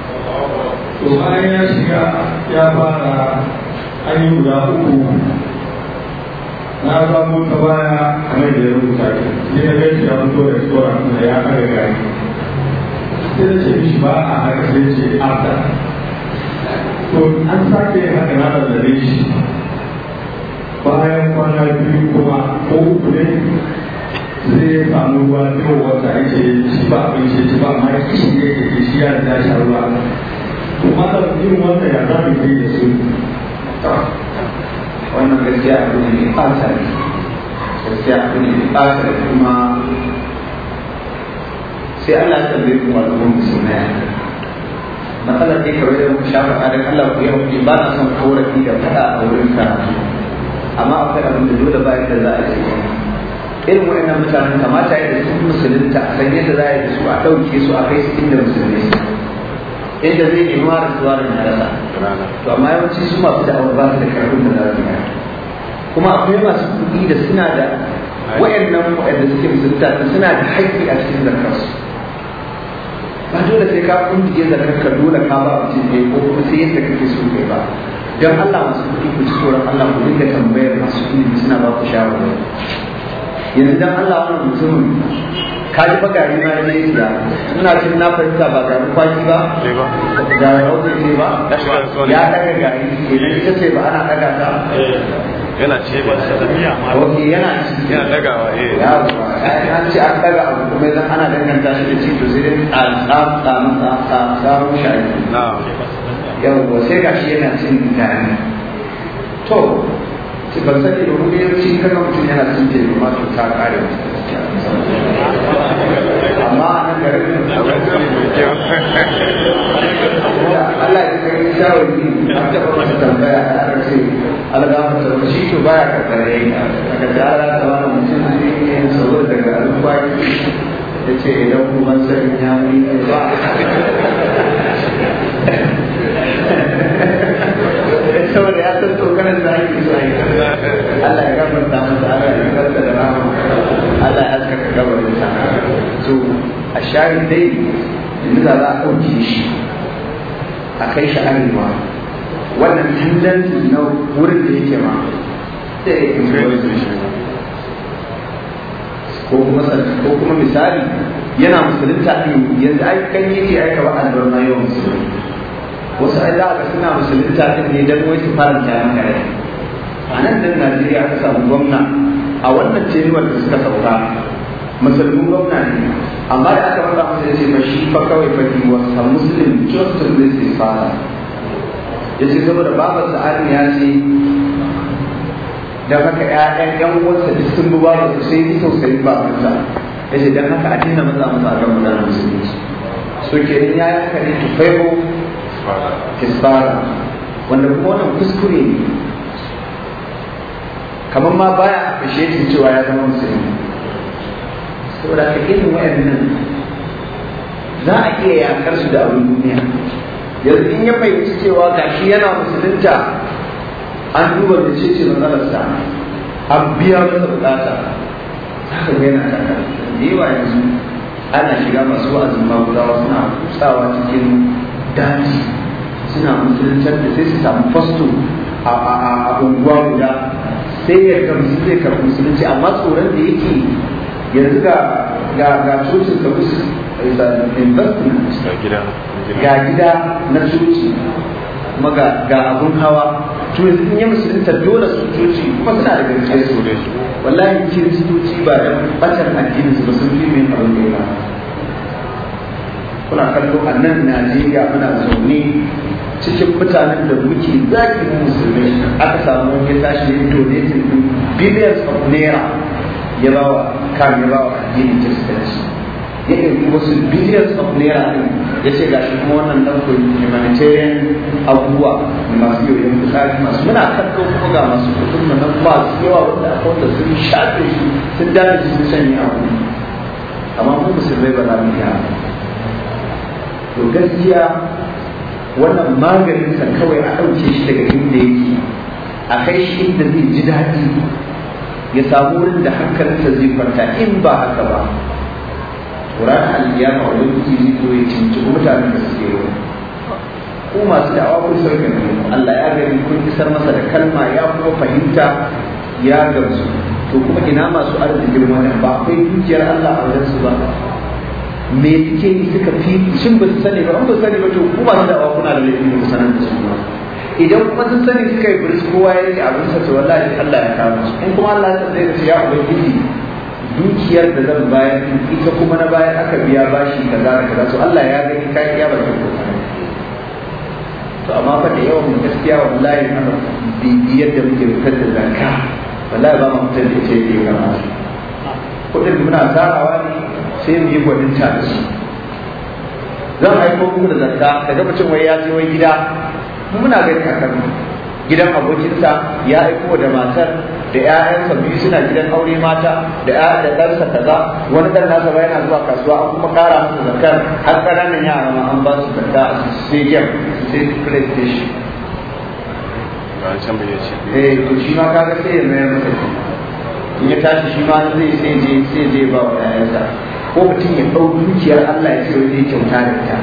to bayan ya shiga ya fara an yi guda uku na samu ta baya kamar da ya rubuta ke ne na gaishe ya fito da tsoron na ya kare gari sai da ce mishi ba a haka sai ce after to an sake haka na da shi bayan kwana biyu kuma ko uku ne zai samu ruwa yau wata ake shi ba abin shi ba ma shi ne ke shi ya da sha ruwa matar yin wanda ya za mu yi da su wannan gaskiya abu ne mai fata ne gaskiya abu ne mai fata kuma sai Allah ya tambaye mu wa dukkan musulmai matsalar dai kawai da muka shafa a dan Allah ku yi ba na son korafi da fada a wurin karatu amma akwai abin da dole bayan da za a ce irin waɗannan mutanen kamata ya yi da su musulunta a sanye da za a yi da su a ɗauke su a kai su inda musulmi yadda zai nemi ma rasuwa da narasa to amma yawanci su masu da ba da karfin da narasa kuma akwai masu kuɗi da suna da wayannan wayanda suke suna da haƙƙi a cikin zakarsu ba dole sai ka kundige zakar ka dole ka ba a ne ko kuma sai yadda kake so kai ba dan Allah masu kuɗi ku ci tsoron Allah ku dinga tambayar masu kuɗi suna ba ku shawarwari yanzu dan Allah wannan mutumin ka ji bagari na yin da ina jin na fahimta ba ga kwaki ba da a ne ba ya daga gari idan ita ce ba ana daga ta eh, yana ce ba ta tafiya ma ok yana ci yana dagawa eh ya an ce an daga abu kuma idan ana danganta shi da ci to sai dai a tsatsa masa a tsaro shayi na'am yau gashi yana cin mutane to ban sani ba kuma yawanci mutum yana tuke ba ma to ta kare amma a nan garin Allah ya kai shawari ta taɓa masa tambaya a aka ce ta shi to baya ka tare daga dara ta wani mutum ne yin sauro daga alfaki ya idan kuma sani ya ne ba saboda ya san tsokanar da ake Allah ya gafarta masa Allah ya gafarta da rahama Allah ya haskaka kabarin sa So a shari dai yanzu za a ɗauke shi a kai shi arewa wannan tandanci na wurin da yake ma sai ya ko kuma ko kuma misali yana musulunta ɗin yanzu ai kan yake aika ba albarma yawan musulunta wasu ai za a suna musulunta ɗin ne don wai su faranta maka rai a nan da najeriya aka samu gwamna a wannan cewar da suka sauka musulmin gwamna ne amma da aka masa musu ya ce ma shi fa kawai fa wasa. a muslim just to this his ya ce da babar sa'adin ya ce da haka ƴaƴan ƴan uwansa duk sun bi babar su sai ji babar babarsa ya ce don haka a daina maza masa a kan mutanen musulunci so kenan ya yi haka ne tufaiho kisbara wanda kuma wannan kuskure ne kamar ma baya appreciating cewa ya zama musulmi saboda ka irin nan, za a iya yakar su da abin duniya yanzu in ya fahimci cewa gashi yana musulunta an duba da ce ce matsalarsa an biya masa bukata za ka ga yana takar da yawa yanzu ana shiga masu wa'azin magudawa suna kusawa cikin daji suna musuluntar da sai su samu fasto a unguwa guda sai ya kamsu zai karɓi musulunci amma tsoron da yake yanzu ga ga ga cocin da musu eh, ga gida na coci kuma ga ga abun hawa to yanzu in ya musulunta dole su coci kuma suna da gaske su wallahi kiristoci ba da bacar addinin su ba sun fi mai abun da ya kuna kallo a nan Najeriya muna zaune cikin mutanen da muke zaki musulmi aka samu ya tashi ne donating billions of naira ya ba wa kan ya ba wa addinin kiristanci ya ɗauki wasu billions of naira ɗin ya ce gashi kuma wannan ɗan humanitarian abubuwa masu yoyon fitsari masu muna kakkan kuma ga masu kuɗin mu nan su yawa wanda aka wanda sun shafe shi sun dame shi sun sanya a wani amma mu musulmai ba za mu yi haka to gaskiya wannan maganin sa kawai a ɗauke shi daga inda yake a kai shi inda zai ji daɗi ya samu wurin da hankalinsa zai kwanta in ba haka ba ƙuran aliyama wani zai zo ya cinci mutanen da suke yi ko masu da'awa kun sauke ne Allah ya gani kun isar masa da kalma ya kuma fahimta ya gamsu to kuma ina masu arzikin wannan ba akwai dukiyar Allah a wajen su ba me suke yi suka fi sun ba su sani ba an ba sani ba to ku ba su da kuna da laifin da sanar da su ba idan kuma sun sani suka yi birs kowa ya yi abin sa to wallahi Allah ya kawo su in kuma Allah ya tsaye ya su ya ubangiji dukiyar da zan bayar ita kuma na bayar aka biya bashi kaza da kaza to Allah ya gani ka iya ba ta to amma fa da yawan mu gaskiya wallahi an bibiyar da muke fitar da zakka wallahi ba mu fitar da ita yake kama kuɗin muna tsarawa ne sai mu yi gwaninta da su zan aiko muku da zakka ka ga mutum wai ya je wai gida muna gani a gidan abokinsa ya aiko da matar da 'ya'yan biyu suna gidan aure mata da da ɗansa kaza wani ɗan nasa ba yana zuwa kasuwa an kuma ƙara musu zakar har ƙananan yara ma an ba su zakka a sai gem sai playstation eh to shi ma kaga sai ya mayar shi in ya tashi shi ma zai sai je sai je ba wa sa. ko mutum ya ɗau dukiyar Allah ya ce wani zai kyauta da ita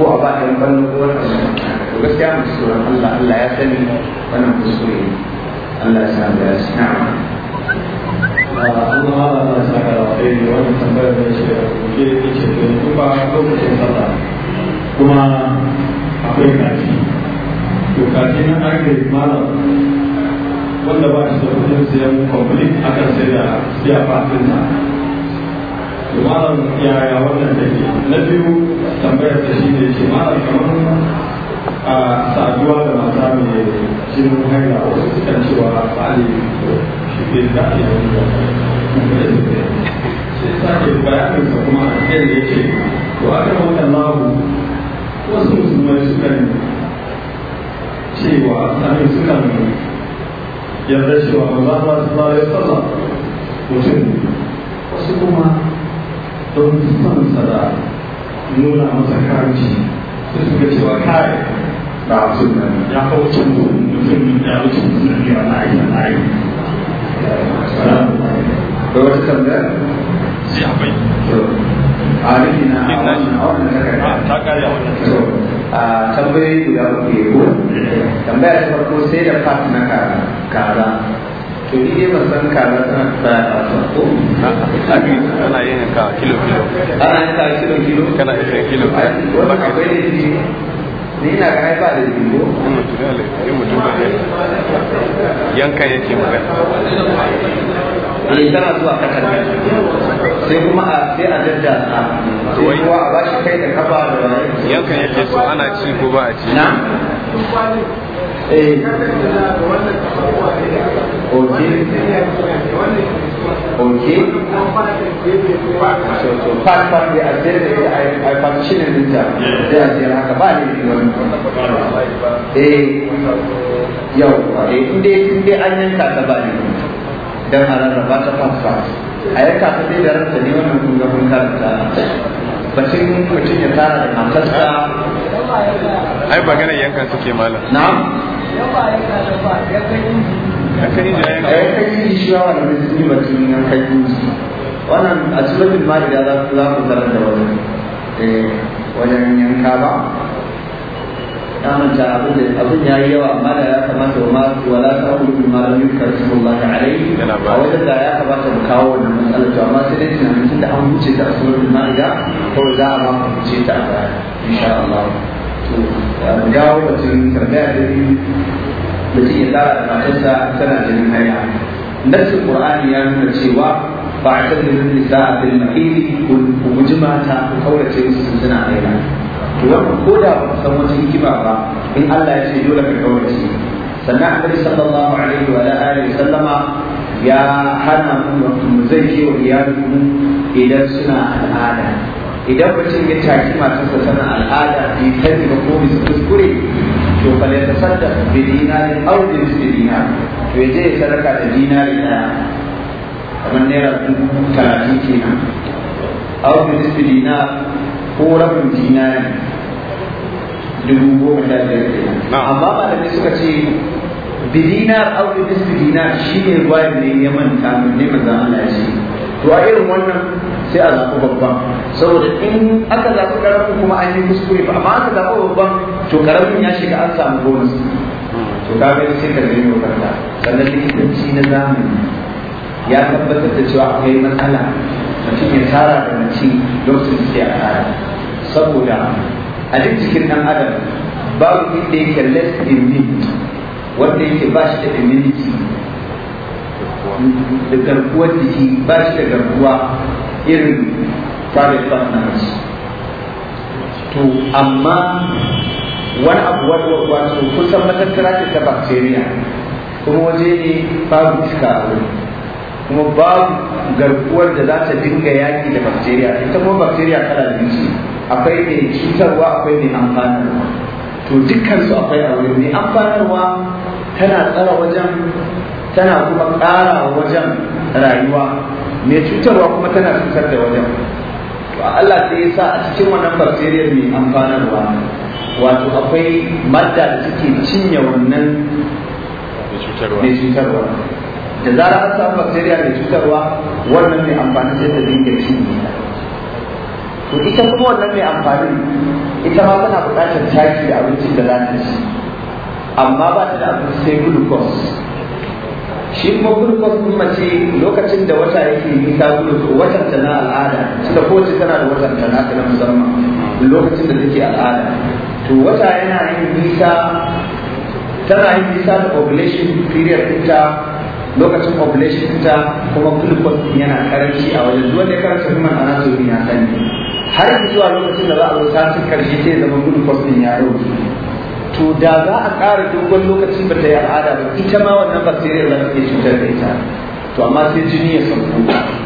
ko a ba ɗan ballo ko wani abu to gaskiya mu tsoron Allah Allah ya sani wannan kuskure ne Allah ya samu ya ci na'am Allah Allah ya saka da wani wannan tambayar da shi da kuke yake da kuma lokacin sallah kuma akwai kafi to kafi na ake malam wanda ba shi da kudin siyan kwamfani akan sai da siya fatin malam yaya wannan da ke na biyu tambayar ta shi ne ce malam kamar a saduwa da mata mai jinin haila wasu sukan cewa tsari shi ke da ake yi da sai sake bayanin sa kuma a cikin da ya ce to a kan wannan lahu wasu musulmai sukan cewa sami sukan yarda cewa maza ba su ba ya sallah mutum wasu kuma don sansa da nuna masa karanci da suka cewa kai da abin nan ya kawo mutum ya wuce mutum ya na aiki na aiki da wata tambaya sai a rufi a ta kare a wannan a tambayoyi guda uku ko tambaya ta farko sai da fat na kaza to ni ban san tana a wasan ko ah, ana yin ka kilo kilo ana yin ka kilo kilo kana kilo ba ka bai ni na ba da ne ne yanka yake magana eh, tana zuwa sai kuma a sai a a a kai da kafa da yake so ana ci ko ba a ci na eh. ok ok part part a sayar a partition din ta da a sayar haka ba ne yau eh inda inda an yanka ta ba ne dan harar ba ta part part a yanka ta dai da ranta ne wannan kun ga kun karanta batun mutum ya tara da matarsa ai ba ganin yankan suke malam na'am kai shi yawa da sun yi batun yan kai wannan a cikin ma'ida za ku za ku karanta wajen wajen yanka ba ya manta abin ya yi yawa amma da ya kamata ma wala ta ku bi malamin karsullahi alaihi a wajen da ya kamata mu kawo wannan matsala. to amma sai dai tunanin da an wuce ta asibitin ma'ida ko za a ma ku wuce ta a baya insha Allah to dawo batun tambaya da mutum ya tsara da matarsa tana jinin haya nassin qur'ani ya nuna cewa ba a tabbata da nisa bin mahili ku guji mata ku kaurace musu suna haila to ba. ko da ba san wata hikima ba in Allah ya ce dole ka kaurace sannan annabi sallallahu alaihi wa alihi sallama ya hana mu zai ce wa iyalinmu idan suna al'ada idan mutum ya taki matarsa tana al'ada bai sani ba ko bisa kuskure to fa ya tasadda bi dinari aw bi dinar to ya je sadaka da dinari da kamar naira dubu talatin kenan aw bi dinar ko rabin dinari dubu goma sha biyar Na amma da suka ce bi dinar aw bi nisfi shi ne ruwayar ne ya manta ne manzon Allah ya ce to a irin wannan sai a zaɓi babban saboda in aka zaɓi ƙarfin kuma an yi kuskure ba amma aka zaɓi babban to karamin ya shiga an samu bonus to ka ga sai ka zai makarta sannan likitanci na zamani ya tabbatar da cewa akwai matsala mutum ya tara da mace lokacin da ya a tara saboda a duk cikin ɗan adam babu inda yake less me wanda yake ba shi da immunity da garkuwar jiki ba shi da garkuwa irin private partners to amma wani abu wato kusan matattara ce ta bacteria kuma waje ne babu iska a wuri kuma babu garkuwar da za ta dinga yaki da bacteria ita kuma bacteria kala biyu ce akwai ne cutarwa akwai ne amfanarwa to dukkansu akwai a wuri ne amfanarwa tana tsara wajen tana kuma ƙara wajen rayuwa mai cutarwa kuma tana cutar da wajen ba Allah sai ya sa a cikin wannan bacteria mai amfanarwa wato akwai madda da take cinye wannan mai cutarwa da zara an samu bacteria mai cutarwa wannan mai amfani sai ta dinga cinye to ita kuma wannan mai amfani ita ma tana buƙatar taki da abincin da za ta ci amma ba ta da abinci sai glucose shi kuma kurkun mace lokacin da wata yake yi ta gudu watan ta na al'ada suka kowace tana da watan ta na na musamman lokacin da take al'ada to wata yana yin nisa tana yin nisa da population period ta lokacin population ta kuma glucose yana karanci a wajen zuwa da karanta human anatomy ya sani har zuwa lokacin da za a zo satin karshe sai zama glucose ɗin ya ɗauki to da za a ƙara dogon lokaci ba ta yi al'ada ba ita ma wannan bacteria da ta cutar da ita to amma sai jini ya sauko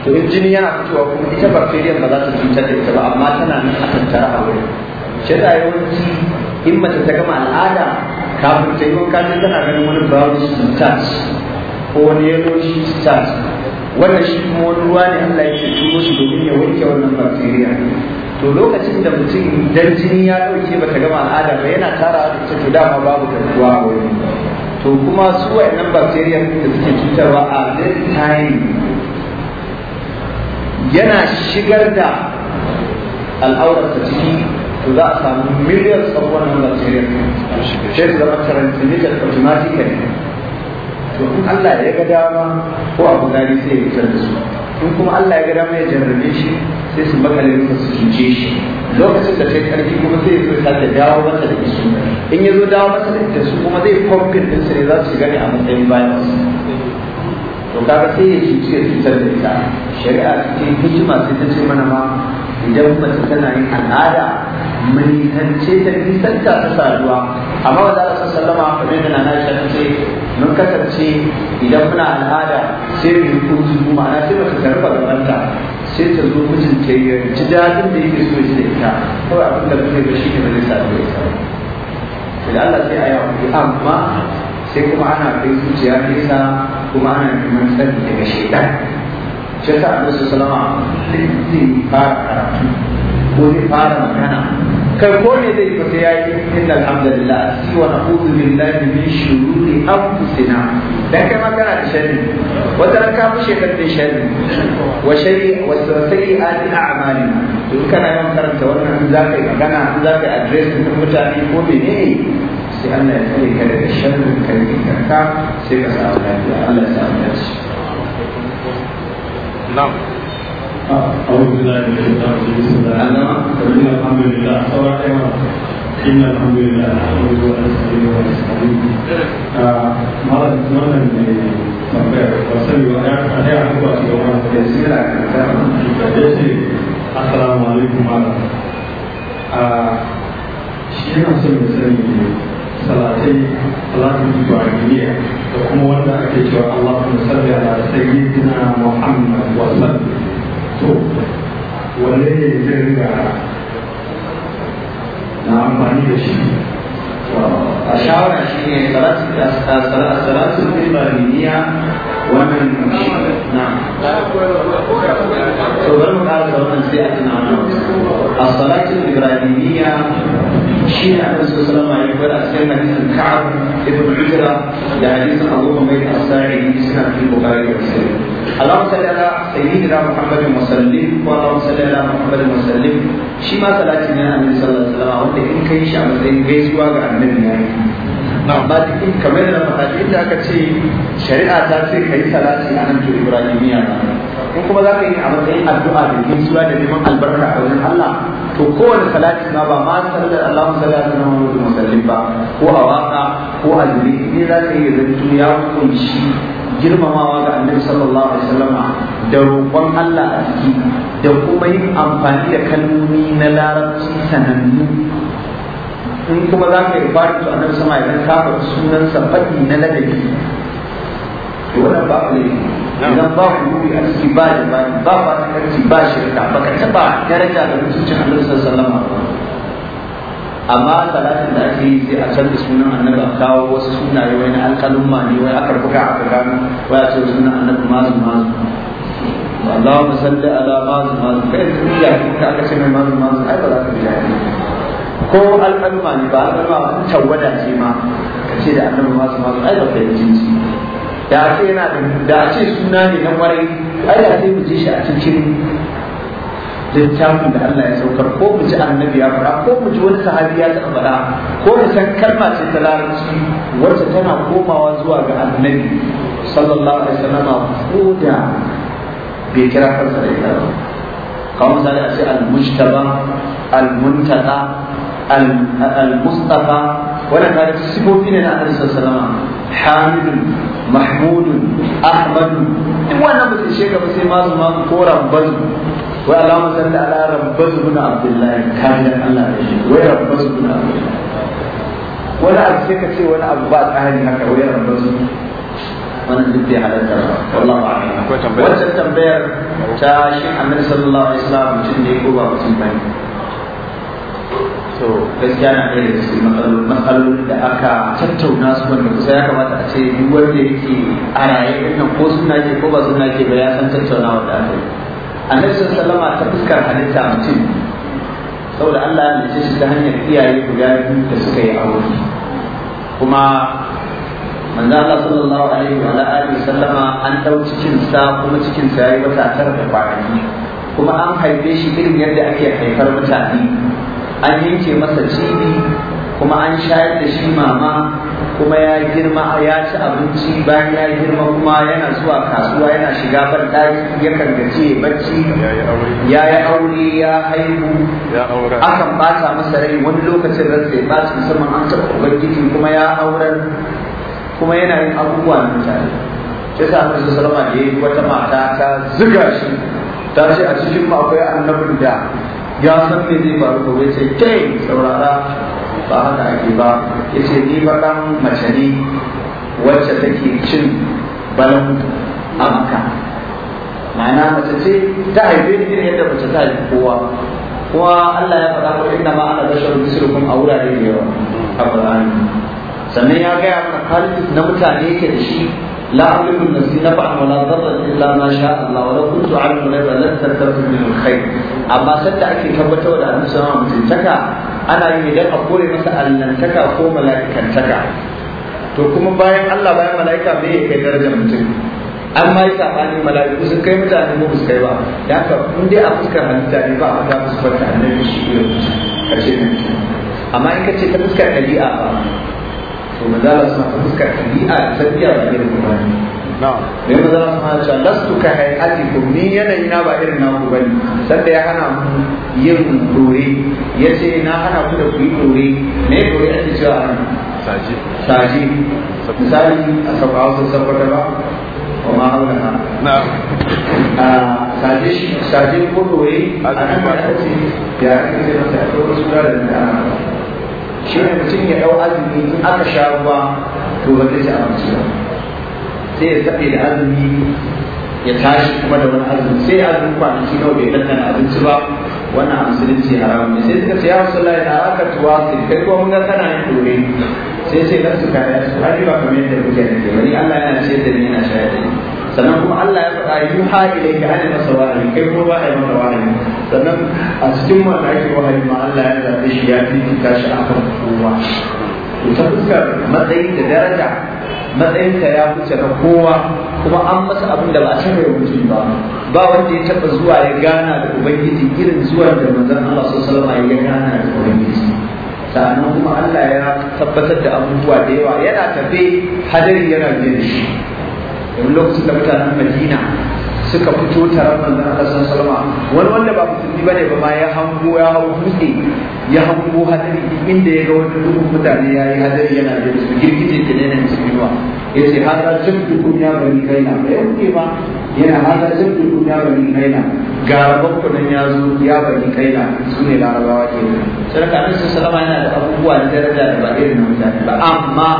to in jini yana fitowa kuma ita bacteria ba za ta cutar da ita ba amma tana nan a tattara a wurin shi da yawanci in mace ta gama al'ada kafin ta yi wanka ta tana ganin wani brown starch ko wani yellowish wannan shi kuma wani ruwa ne Allah ya turo shi domin ya wanke wannan bacteria to lokacin da mutum dan jini ya dauke bata gama al'ada ba yana tara da ita to dama babu garkuwa a wurin to kuma su wayannan bacteria da suke cutarwa a this time yana shigar da al'aurar ta ciki to za a samu millions of wannan bacteria sai su zama da automatically to in Allah ya ga dama ko abu gari sai ya fitar da su in kuma Allah ya ga dama ya jarrabe shi sai su baka masa su cuce shi lokacin da sai karfi kuma zai zo sake dawo masa da su in ya zo dawo masa da su kuma zai pumping din sai za su gani a matsayin virus to kaga sai ya cuce ya cutar da ita shari'a cikin hikima sai ta ce mana ma idan mace tana yin al'ada mun hance ta nisan ta saduwa amma wanda Allah sallama mace idan muna al'ada sai mu yi kuma na sai mace ta rufa gabanta sai ta zo mijin ta yi ji dadin da yake so shi da ita kawai abin da muke da shi ne ba zai sa da ita da Allah sai a yi amma sai kuma ana kai zuciya nesa kuma ana neman tsari daga shaidan shi yasa Allah salama duk zai fara karatu ko zai fara magana kai ko me zai fita ya yi inna alhamdulillah kai ma da sharri wata ran ka fushe kan kana yawan karanta wannan za ka yi magana mutane أعوذ بالله من الشيطان الرجيم بسم الله الرحمن الرحيم إن الحمد لله نحمده ونستعينه ونستعينه مرة نتمنى أن وأسلم وأدعي عنك وأسلم عنك بسم الله السلام عليكم ورحمة الله shi yana son ya sani salatai salatin ibrahimiyya da kuma wanda ake cewa Allahumma salli ala sayyidina Muhammad wa sallam to wanne ne zai riga na amfani da shi a shawara shi ne salatun ibrahimiyya wannan shi na to bari mu ƙara da wannan sai a tunanin a salatun ibrahimiyya shi ne a su salama ya fara a cikin nabi alka'ar da ta bujira da hadisin abubuwa mai da asari da suna cikin bukari da wasu alamu sallala sayyidi na muhammadin musallim ko alamu sallala muhammadin musallim shi ma salati ne a nabi sallallahu alaihi wasallam wanda in kai shi a matsayin gaisuwa ga annabi ne kamar da ba ta ce shari'a ta ce kai a nan to ibrahimiya ba in kuma za ka yi a matsayin addu'a da gaisuwa da neman albarka a wurin Allah to kowane salati ma ba ma sallar Allahu salatu na Muhammadu musallim ba ko a waka ko a jiri ne za ka yi zantu ya kunshi girmamawa ga annabi sallallahu alaihi wasallama da roƙon Allah a ciki da kuma yin amfani da kalmomi na larabci sanannu in kuma za ka yi bari to annabi sama idan ka faɗi sunansa faɗi na ladabi to wannan ba laifi idan ba ku yi a ciki ba da ba ba ba a ciki ba da ba ka taɓa daraja da mutuncin annabi sallallahu alaihi amma talatin da ake yi sai a canza sunan annabi a kawo wasu sunaye wani alƙalin ma ne wai a buga a gano wai a ce sunan annabi mazu mazu ma salli ala mazu mazu kai duniya ta aka ce mai mazu mazu ai ba za ka biya ne ko al'alma ne ba al'alma tawwada ce ma ka ce da annabi mazu mazu ai ba ka yi jinsi da a ce yana da a ce suna ne na kwarai ai da sai mu ji shi a cikin littafin da Allah ya saukar ko mu ji annabi ya faɗa ko mu ji wani sahabi ya taɓa faɗa ko mu san kalma ce ta larabci wacce tana komawa zuwa ga annabi sallallahu alaihi wasallam ko da bai kira kansa da ita ba kamar misali a ce al-mujtaba al muntaka al-mustafa wannan ta sifofi ne na annabi sallallahu alaihi wasallam hamidun mahmudun ahmadu duk wannan ba su sheka ba sai mazu ma ko rambazu wai alamun san da ala rambazu bin abdullahi kariyar allah da shi wai rambazu bin abdullahi wani abu sai ka ce wani abu ba tsari haka wai rambazu wannan duk bai halatta ba wallahu a'lam wannan tambayar ta shi annabi sallallahu alaihi wasallam mutum ne ko ba mutum bane to gaskiya na ɗaya daga cikin matsalolin da aka tattauna su wanda kusa ya kamata a ce duk wanda yake a raye ɗin ko suna ke ko ba suna ke ba ya san tattauna tattaunawa da aka yi sun sallama ta fuskar halitta mutum saboda Allah ya ce shi ta hanyar iyaye guda biyu da suka yi aure kuma manzo Allah sallallahu alaihi wa alihi sallama an dau cikin sa kuma cikin sa yayi wata tara da kwanaki kuma an haife shi irin yadda ake haifar mutane an yanke masa cibi kuma an shayar da shi mama kuma ya girma ya ci abinci bayan ya girma kuma yana zuwa kasuwa yana shiga ban ya yakan gaji bacci ya yi aure ya haihu akan bata masa rai wani lokacin ran sai ba su musamman an taɓa ubangiji kuma ya aure kuma yana yin abubuwa na mutane sai sa annabi salama da ya yi wata mata ta zuga shi ta ce a cikin mu akwai annabin da ya san me zai faru ko ya ce kai saurara ba haka ake ba ya ce ni ba dan mace ne wacce take cin balan amka ma'ana mace ce ta haife ni irin yadda mace ta haifi kowa kuma Allah ya faɗa ko inna ma ana basharun mislukum a wurare da yawa a Qur'ani sannan ya gaya mana khalid na mutane yake da shi لا أملك لنفسي نفعا ولا ضرا إلا ما شاء الله ولو كنت أعلم الغيب لاستكثرت من الخير أما سد أكي كبت ولا أنسى ممتلكا أنا يريد أقول مثلا أن تكا أو ملائكة تكا to kuma bayan Allah bayan mala'ika me ya kai daraja mutum an ma yi sabanin mala'iku sun kai mutane mu kai ba ya haka in dai a fuskar halitta ne ba a ga fuskar annabi shi ne karshe amma in ce ta fuskar ɗabi'a ba to manzala suna ta fuskar ɗabi'a da tafiya ba irin ku bane mai manzala suna cewa lastu ka hayati ku ni yanayi na ba irin na ku bane sanda ya hana mu yin dore ya ce na hana ku da ku yi dore me dore ake cewa nan saji saji misali a sabu hausa sabbata ba وما حولها نعم ساجش ساجين كله ايه انا ما اتي يعني كده تاكل رسول الله shi ne mutum ya ɗau azumi in aka sha ruwa to ba zai ci abinci ba sai ya taɓe da azumi ya tashi kuma da wani azumi sai ya azumi kwanaki kawai bai danna abinci ba wannan a ce haramun ne sai suka ce ya layi na aka tuwa su kai kuma mun ga kana yin dore sai sai kan su kaya su hari ba kamar yadda kuke ne ni Allah yana ce da ni yana shayar da ni sannan kuma Allah ya faɗa yuha ilayka ana masa wahayi kai kuma ba a yi maka wahayi sannan a cikin wanda ake wahayi ma Allah ya zaɓe shi ya fifita shi kan kowa to fuskar matsayi da daraja matsayinka ya wuce na kowa kuma an masa abin da ba a taɓa mutum ba ba wanda ya taɓa zuwa ya gana da ubangiji irin zuwan da manzon Allah sallallahu alaihi ya gana da ubangiji sannan kuma Allah ya tabbatar da abubuwa da yawa yana tafe hadari yana jin shi domin lokacin da mutanen madina suka fito taron manzon Allah sallallahu alaihi wani wanda ba musulmi bane ba ma ya hango ya hau dutse ya hango hadari inda ya ga wani dubu mutane ya yi hadari yana da su girgije ta ne na musulmiwa ya ce hada jin dukun ya kai kaina ba ya ke ba yana hada jin dukun ya kai kaina ga rabon nan ya zo ya kai kaina su ne larabawa ke sarka nan sun salama yana da abubuwa da daraja da ba irin na mutane ba amma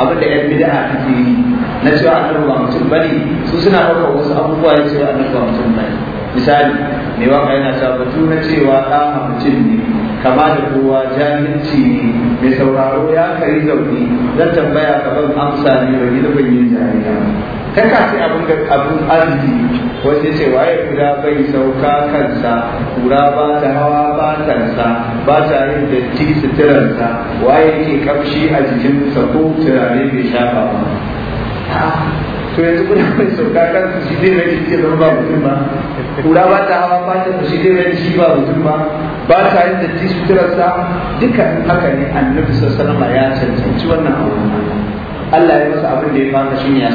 abin da yan bid'a take yi na cewa annabi ba mutum bane su suna ɗaukar wasu abubuwa ya cewa annabi ba mutum bane misali mai waka yana cewa na cewa ɗa mutum ne kama da kowa jahilci ne mai sauraro ya kari zaune zan tambaya ka ban amsa ne ba gida ban yin jahiliya kan ka abin ga abin arziki wanda ce waye kura bai sauka kansa kura ba ta hawa ba ta sa ba ta yin datti suturarsa waye ke kamshi a jikin sako turare bai shafa ba to yanzu kuna mai sauka kan su shi zai rage ke zama ba ta su shi ba ta ne annabi sallallahu ya wannan Allah ya masa abin da ya fara shi ya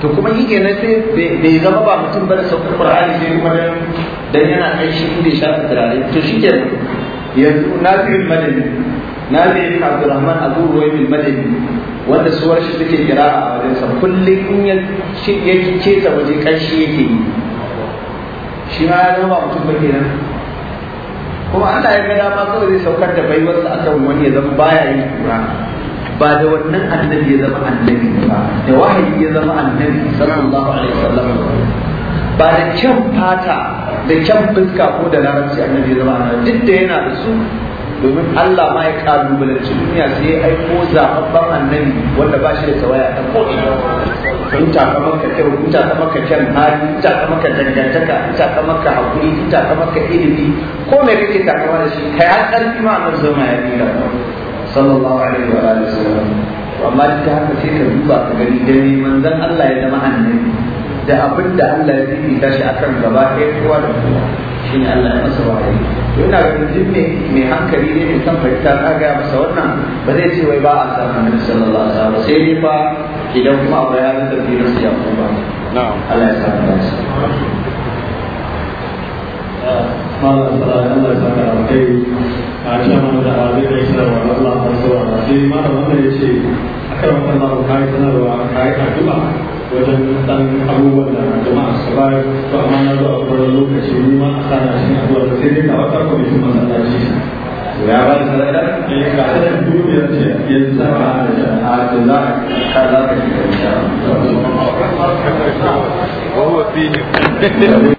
to kuma bai zama ba mutum ba da saukar Qur'ani sai kuma yana kai shi inda ya shafi to shi ke yanzu na fi madani nabi ibn abdurrahman abu ruwaimi madani wanda suwar shi take kira a wajen sa kullum in ya ce ta waje kashi yake yi shi ma ya zama mutum ba kenan kuma Allah ya ga dama kawai zai saukar da sa akan wani ya zama baya yin kura ba da wannan annabi ya zama annabi ba da wahayi ya zama annabi sallallahu alaihi wasallam ba da kyan fata da kyan fuska ko da larabci annabi ya zama annabi duk da yana da su domin Allah ma ya kalubalanci duniya sai ya aiko zababban annabi wanda ba shi da tawaya ta ko'ina in taka maka kyau in taka maka kyan hali in taka maka dangantaka in taka maka hakuri in taka maka ilimi ko me kake takawa da shi kai har karfi ma zo ma ya bi sallallahu alaihi wa alihi wasallam amma duk haka sai ka duba ka gani dai manzon Allah ya zama annabi da abin da Allah ya da shi akan gaba ɗaya kowa da kowa shi ne Allah ya masa wahayi to ina ganin jin ne mai hankali ne mai san fahimta ta gaya masa wannan ba zai ce wai ba a san Annabi sallallahu alaihi wasallam sai dai fa idan kuma abu ya da fi nasu ya kuma na'am Allah ya saka masa Malam Salam da ya saka a cikin mana da abin da ya sanarwa Allah ya da shi malam wanda ya ce akan wannan malam kai sanarwa kai addu'a wajen dan abubuwan da jama'a su bayar amma na lokaci ni ma a tsara shi a zuwa sai dai ya ba da sadaka eh, da ce ya da za shi da shi